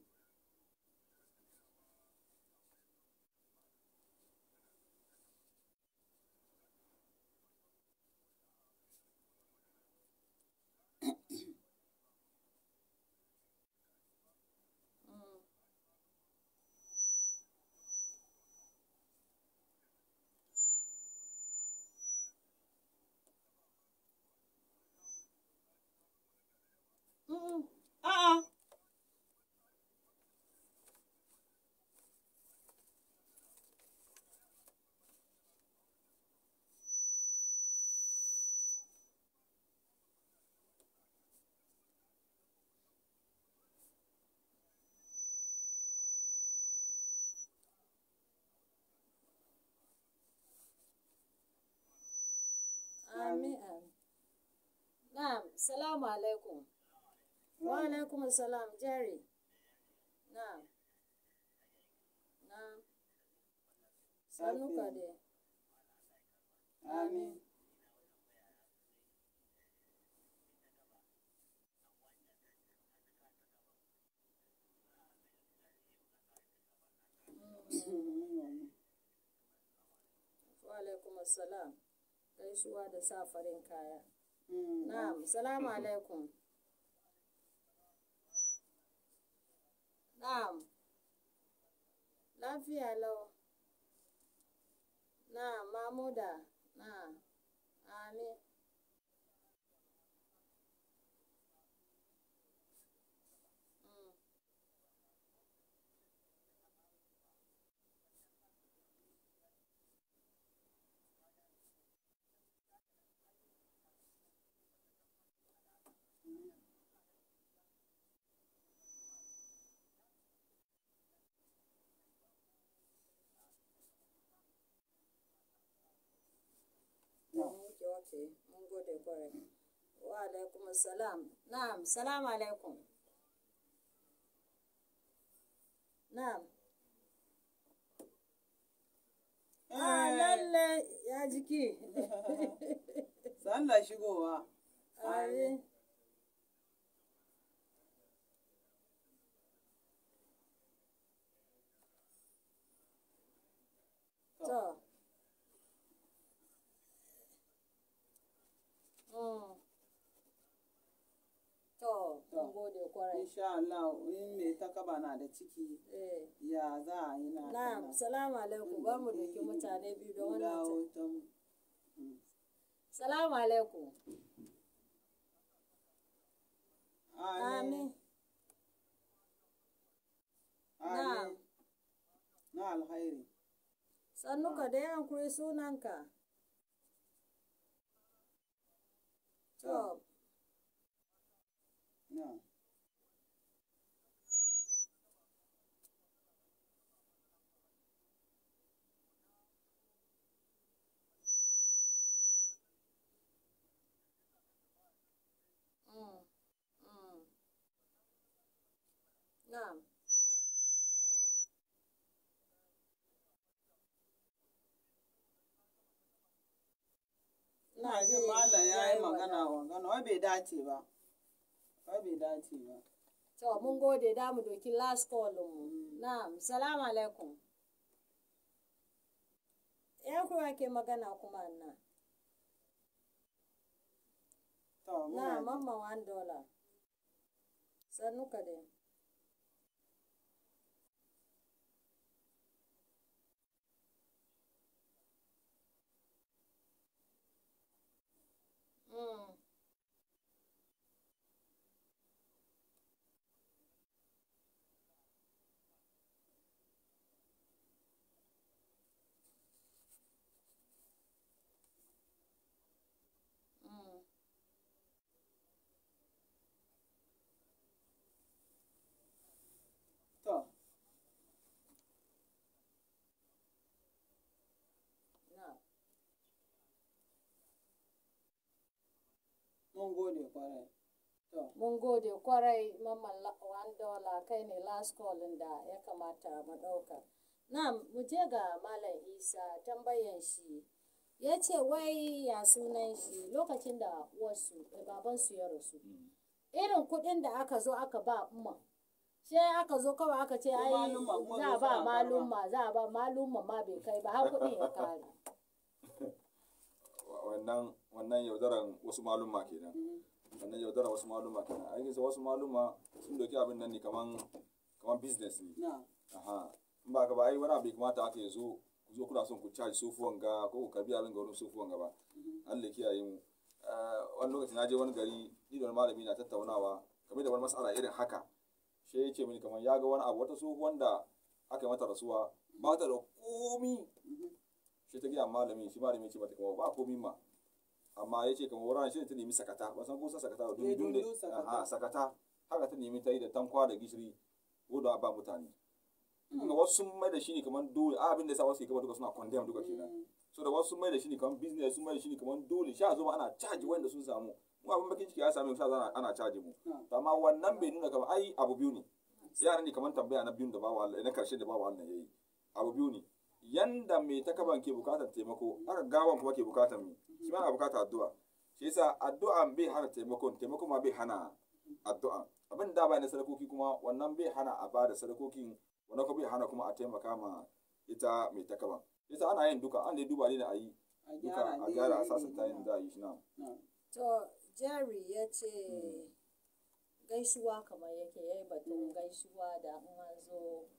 Amin. Na'am, salamu alaikum. Wa alaikum salam, Jerry. Na'am. Na'am. Sanuka Amin. Mm. Wa alaikum salam. gaisuwa da sa farin kaya mm, na'am salamu alaikum na'am lafiya lau na'am mamuda na'am amin ce mun gode kwarai wa alaikum salam na'am salam alaikum na'am a ah, eh. lalle ya jiki sallah [laughs] shigowa amin to To, mun Insha Allah, in na da ciki eh. ya za a yi na salamu alaikum, mu doki eh, mutane biyu da wannan hmm. Salamu alaikum. Amin. Na alkhairi. da sunanka. job. No. magana magana wai bai dace ba wai bai dace ba to mun gode da mu doki last call mu mm. na'am assalamu alaikum yan kuwa ke magana kuma na na mamma one dollar sannu ka dai Mun gode kwarai. Mun kwarai mamman kai ne last call da ya kamata mu na'am Na mu je ga Malam Isa tambayan shi ya ce wai ya sunan shi lokacin da baban eh, babansu ya rasu. Hmm. Irin kuɗin da aka zo aka ba umma. sai aka zo kawai aka ce ai za ba malumma za ba malumma ma bai kai ba har kuɗin ya kare. [laughs] wannan wannan yaudaran wasu maluma kenan mm-hmm. wannan yaudaran wasu maluma kenan a yankin wasu maluma sun doki abin nan ne kaman kaman business ne aha in ba ka ba ai wani abu kamata aka yanzu ku zo kuna son ku charge sufuwan ga ko ku karbi abin garin sufuwan ga ba mm-hmm. Allah kiyaye mu eh, wani lokaci na je wani gari ni da malami na tattaunawa game da wani matsala irin haka shi ya ce mini kamar ya ga wani abu wata tsohuwan da aka yi mata rasuwa ba ta da komi mm-hmm. shi ta gaya malami shi malami ce mata kuma ba komi ma amma ya ce kamar wurin shi ta nemi sakata ba san kusa sakata ba dundun eh, da sakata haka ta nemi ta yi da tankwa da gishiri ko da ba mutane kuma hmm. wasu sun mai da shi ne kamar dole a ah, abin da sa wasu kamar duka suna condemn duka kenan hmm. so da wasu sun mai da shi ne kamar business sun mai da shi ne kamar dole sha zo ana charge wanda sun samu mu abin bakin ciki ya sami sha ana ana charge mu hmm. amma wannan bai nuna kamar ai abu biyu ne yaran ne kamar tambaya na biyu da bawa Allah na karshe da bawa Allah yayi abu biyu ne yanda mai takaban ke bukatar taimako haka gawan kuma ke bukatar mu shi ma bukatar addu'a shi yasa addu'a bai hana taimakon taimako ma bai hana addu'a abin da ba na sadakoki kuma wannan bai hana a bada sadakokin wannan kuma bai hana kuma a taimaka ma ita mai takaban yasa ana yin duka an dai duba ne a yi duka a gyara a ta yin da a yi shi na to jerry ya ce gaisuwa kamar yake ya yi batun hmm. gaisuwa da an zo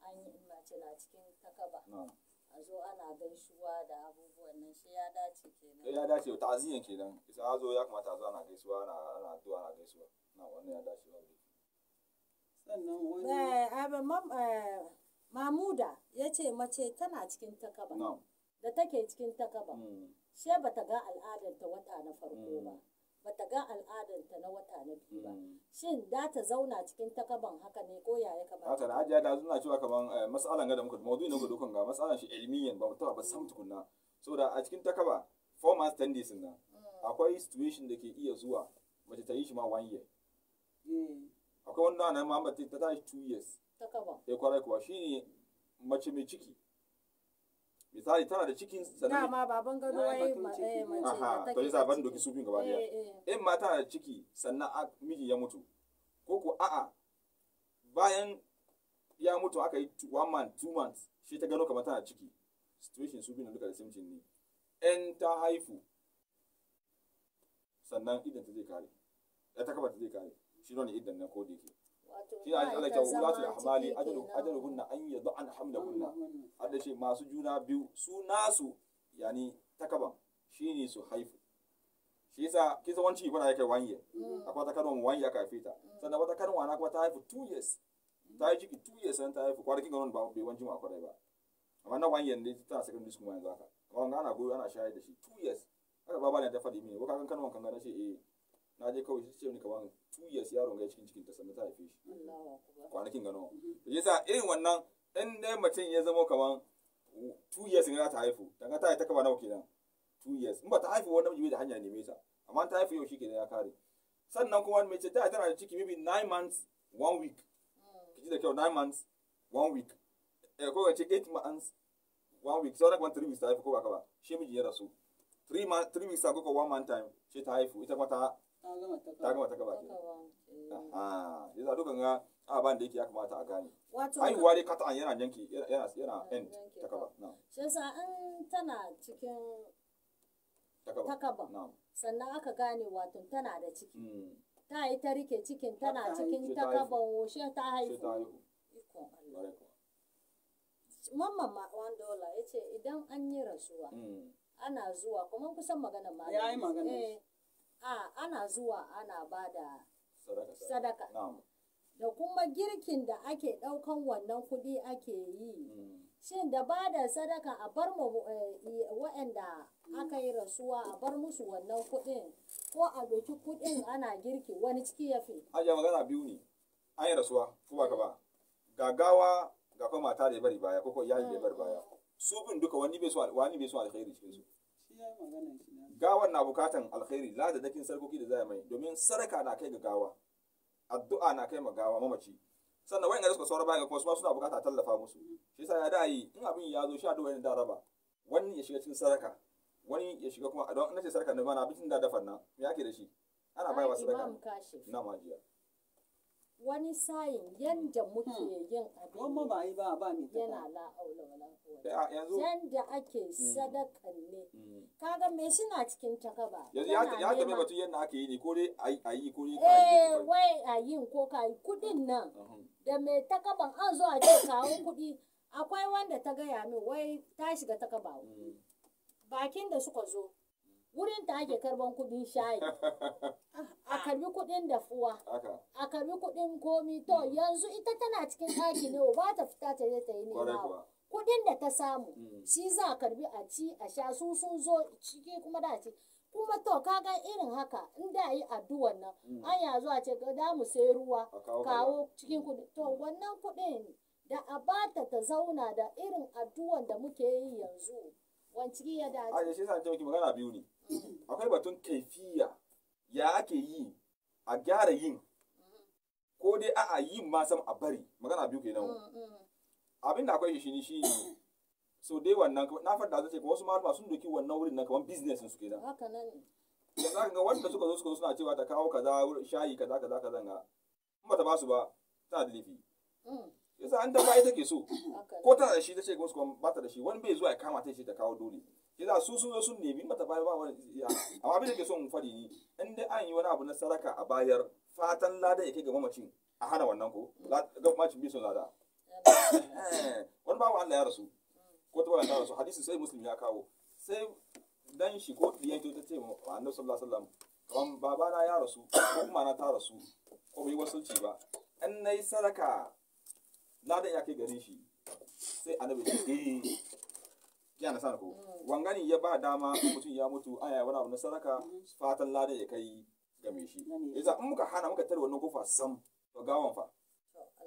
an mace na cikin takaba a zo ana gaisuwa da abubuwan nan shi ya dace kenan eh, ya dace ta'aziyyan kenan isa a zo ya kamata a zo ana gaisuwa ana ana addu'a ana gaisuwa na wannan ya dace ba sannan wani eh, eh, mamuda ya ce mace tana cikin takaba da take cikin takaba hmm. she bata ga al'adar ta wata na farko ba hmm. bata ga al'adanta na wata na biyu ba hmm. shin da ta zauna cikin takaban haka ne ko yaya kamar haka na ajiya da suna cewa kaman eh, mas'alan gada da muka maudu'i na gudu ga mas'alan shi ilmiyan ba ta ba san tukunna saboda a cikin takaba four months ten days na hmm. akwai situation da ke iya zuwa mace ta yi shi ma one year eh. akwai wanda na ma ta tashi two years takaba eh kwarai kuwa shine mace mai ciki misali tana da cikin sannan dama baban gado wai eh, mace aha to yasa ban doki sufin gaba eh, daya eh. in ma tana da ciki sannan miji ya mutu ko ko a'a bayan ya mutu aka yi one month two months shi ta gano kamar tana ciki situation sufin na duka da same simcin ne in ta haifu sannan idan ta zai kare ta kaba ta zai kare shi ne idan na ko da yake shi da Allah ta wula su ahmali ajalu ajalu hunna an yi yadu an hamla hunna Allah shi masu juna biyu su nasu yani takaban shine su haifu shi yasa kisa wanci bana yake one year mm. akwai wata kanon one year kafin ta mm. sannan wata kanon wani kuma ta haifu two years ta yi ciki two years ta haifu kwanakin ganon ba bai wanci ma kwarai ba amma na one year ne ta secondary school yanzu haka kawai ana goyo ana shayar da shi two years haka ne ta faɗi mini ko kakan kanon kan gane shi eh na je kawai shi ce ni kaman tuyas yaro ga cikin cikin ta sanda ta haife shi kwanakin nawa to yasa irin wannan dan dai mutum ya zama kaman tuyas ne za ta haifu dan ta ta kaba nawa kenan tuyas in ba ta haifu wannan mijin da hanya ne mai amma ta haifu yau shike ne ya kare sannan kuma mai ce ta ta na ciki maybe 9 months 1 week hmm. kiji da kyau 9 months 1 week eh ko ce 8 months 1 week sai ragwan 3 weeks ta haifu ko ba ka ba shi mijin ya rasu 3 weeks 3 ko 1 month time shi ta haifu ita kuma ta ta gama ta gaba ke a yasa dukan ga aban da yake ya kamata a gane haihuwa dai kata yana yanki yana yana end ta kaba na shi yasa in tana cikin ta kaba sannan aka gane wato tana da ciki hmm. ta yi ta rike cikin tana cikin ta kaba woshe ta haihu mamman ma wandola ya ce idan an yi rasuwa hmm. ana zuwa kuma kusan magana ma ya yi magana eh, a ana zuwa ana ba da sadaka da kuma girkin da ake ɗaukan wannan kuɗi ake yi mm. shin da ba da sadaka a bar eh, waɗanda mm. aka yi rasuwa a bar musu wannan kuɗin ko a ɗauki kuɗin ana girki wani ciki ya fi hajiya magana biyu ne an yi rasuwa ko ba ka ba gagawa ga kuma mata da ya bari baya ko ko yayi da ya bari baya mm. su bin duka wani bai so wani bai so alkhairi cikin su Gawar na bukatan alkhairi ladadakin sarkoki da zai mai domin saraka na kai ga gawa addu'a na kai ma gawa mamaci sannan wayan da suka saura bayan kuma su suna bukata tallafa musu shi yasa ya dai in abin ya zo sha duwa da raba wani ya shiga cikin saraka wani ya shiga kuma don nace saraka ne ma na abincin da dafan nan me yake da shi ana bayar wa sadaka na majiya wani sayin yadda hmm. muke hmm. yin abin yana la'aula wala yadda ake hmm. sadakan ne kaga me suna cikin takaba ya tabi batun yadda ake yi ne ko dai a yi ko dai eh wai a yi ko ka yi eh, kudin nan uh-huh. da mai takaban an zo a ce kawo kudi akwai wanda ta gaya min wai ta shiga takaba bakin da suka zo wurin ta ake karban kudin shayi [laughs] a karbi kudin dafuwa a karbi kudin komi to hmm. yanzu ita tana cikin ɗaki ne ba ta fita ta je ta yi nema kudin da ta samu hmm. shi za a karbi a ci a sha su sun zo ciki kuma da ci kuma to kaga irin haka in da yi addu'an nan hmm. an ya zuwa ce da mu sai ruwa kawo cikin kudi to wannan kudin da a bata ta zauna da irin addu'an da muke yi yanzu wanciki ya dace a shi sa ta magana biyu ne akwai batun kaifiya ya ake yi a gyara yin ko dai a'a yin ma sam a bari magana biyu kenan mm, mm. abin da akwai shi ne shi ne-shi, so dai wannan na fada zai ce wasu malama sun doki wannan wurin na kamar business su kenan haka nan da za ka ga wanda suka zo suka zo suna cewa ta kawo kaza shayi kaza kaza kaza ga in ba ta ba su ba ta da laifi mm. yasa an tambaya ita ke so ko tana da shi ta ce ga wasu ba ta da shi wani bai zuwa ya kama ta ce ta kawo dole yasa su sun zo sun nemi mata baya ba wani ya amma bai da ke so mun fadi ni in dai an yi wani abu na saraka a bayar fatan lada ya kai ga mamacin a hana wannan ko ga mamacin bi sun lada eh, wani babu Allah ya rasu ko ta wani ta rasu hadisi sai muslim ya kawo sai dan shi ko diyan ta ce ma annabi sallallahu alaihi wasallam kaman babana ya rasu ko kuma na ta rasu ko bai wasulci ba in nayi saraka ladan ya kai gare shi sai annabi ce eh ya na sana ko mm. wangani ya ba dama mutum ya mutu aya wani abu na sadaka fatan ladan ya kai game shi yasa in muka hana muka tare wannan kofa sam to gawan fa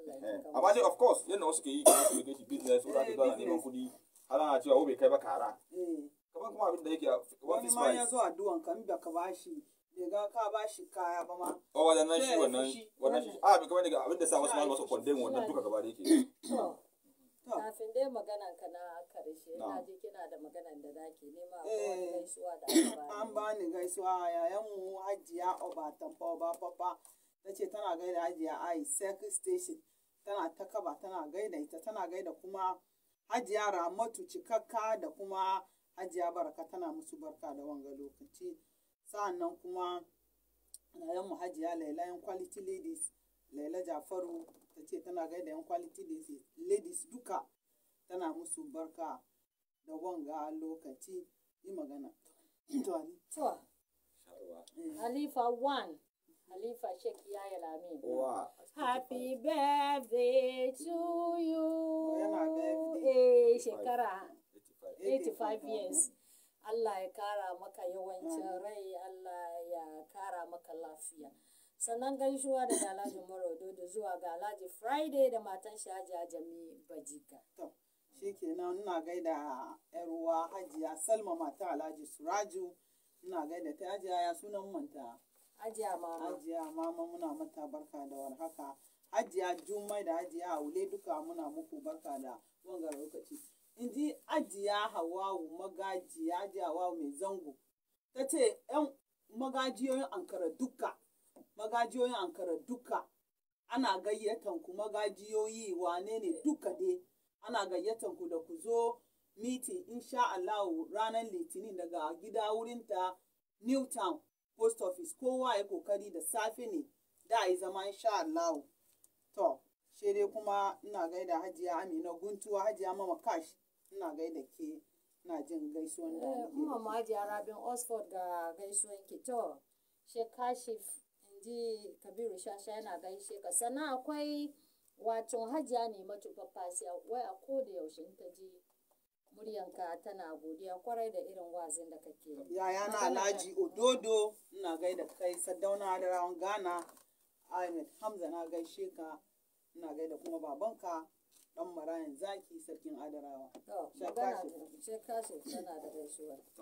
eh, amma dai of course yana wasu ke yi kamar su ke shi business ko da ke eh, zuwa neman kudi har ana cewa wo oh, bai kai ba kara eh. kamar kuma abin da yake wani ma ya zo addu'an ka in ba ka bashi ga ka ba shi kaya ba ma o oh, wadannan shi wannan wannan shi a bi kamar daga abin da sa wasu masu kwandon wannan duka gaba da yake kafin dai maganan ka na karshe na je kina da maganan da zaki nema eh, wani gaisuwa da an ba ni gaisuwa yayan mu hajiya oba tamfa ba papa ta tana gaida hajiya ai circle station tana ta kaba tana gaida ita tana gaida kuma hajiya ramatu cikakka da kuma hajiya baraka tana musu barka da wanga lokaci sa'annan kuma yayan muhajiya laila yan quality ladies laila jafaru ta ce tana gaida yan quality ladies duka tana musu barka da wanga lokaci yi magana [coughs] to halifa one halifa sheikh yi lamin happy birthday to you eh shekara 85 years Allah ya kara maka yawancin rai Allah ya kara maka lafiya sannan gaisuwa daga alhaji da zuwa ga alhaji friday da matan shi hajiya jami bajiga to shikenan ina gaida yar hajiya salma mata alhaji suraju ina gaida ta hajiya ya sunan manta hajiya mama hajiya mama muna mata barka da warhaka hajiya jummai da hajiya wule duka muna muku barka da wangar lokaci in ji ajiya hawawu magajiya ajiya hawawu mai zango ta ce yan magajiyoyin ankara duka magajiyoyin ankara duka ana gayyatan ku magajiyoyi wane ne duka dai ana gayyatan ku da ku zo miti insha Allah ranar litinin daga gida wurinta town post office kowa ya kokari da safe ne da yi zama insha Allah to sai dai kuma ina gaida hajiya amina guntuwa hajiya mama ina gaida ke ina jin gaisuwan da eh, kuma ma ji rabin oxford ga gaisuwan ki to she kashif inji kabiru shasha yana gaishe ka sannan akwai wato hajiya ne matufaffasiya wai a ko da yaushe ta ji muryanka tana godiya kwarai da irin wazin da kake yaya na alhaji ododo ina gaida kai sadauna da rawan ghana ahmed hamza na gaishe ka ina gaida kuma babanka dan marayan zaki sarkin adarawa to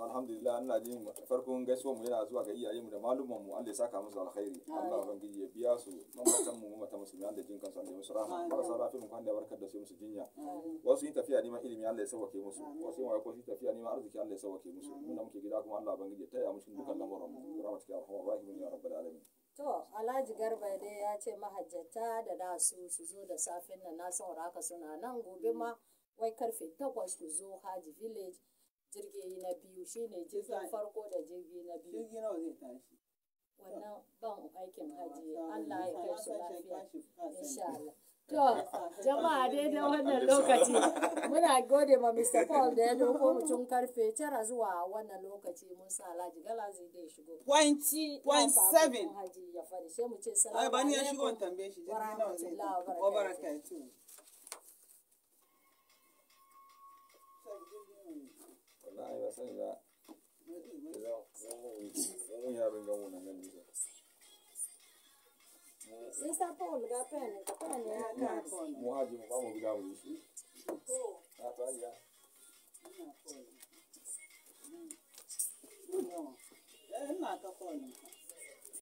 alhamdulillah ina ji farkon gaisuwar mu yana zuwa ga iyaye mu da malumman mu Allah ya saka musu alkhairi Allah ubangiji ya biya su mamatan mu mata musulmi Allah jin kansu Allah ya musu rahama marasa lafiya mu kwanda barkar da su musu jinya wasu yin tafiya neman ilimi Allah ya sauke musu wasu yin wayo tafiya neman arziki Allah ya sauke musu mun da muke gida kuma Allah ubangiji ya taya mu shi dukkan lamuran mu rahmatuka ya rahmar rahimin ya rabbal alamin To, Alhaji Garba dai ya ce mahajjata da da su su zo da safin nan na sauraka suna nan gobe ma wai karfe takwas ku zo Haji Village jirgi na biyu shine jirgin farko da jirgi na biyu. Jirgi nawa zai tashi? Wannan ban aikin haji Allah ya kai su lafiya. Insha Allah. To, jama'a daidai wannan lokaci muna gode ma Mr. Paul da ya doko mutum karfe tara zuwa wannan lokaci mun sa Alhaji Galazi zai ya shigo. Twenty point seven. Haji ya fari sai mu ce salamu alaikum. Ai bani ya shigo tambaye shi. Warahmatullahi wabarakatuh. Wallahi ba sani ba. Mun yarin gamu na nan Mr. Paul ga pen pen ya ka akọ. Mo ha ji mo ba mo bi ga wo yi. Ata ya. Nna ka Paul.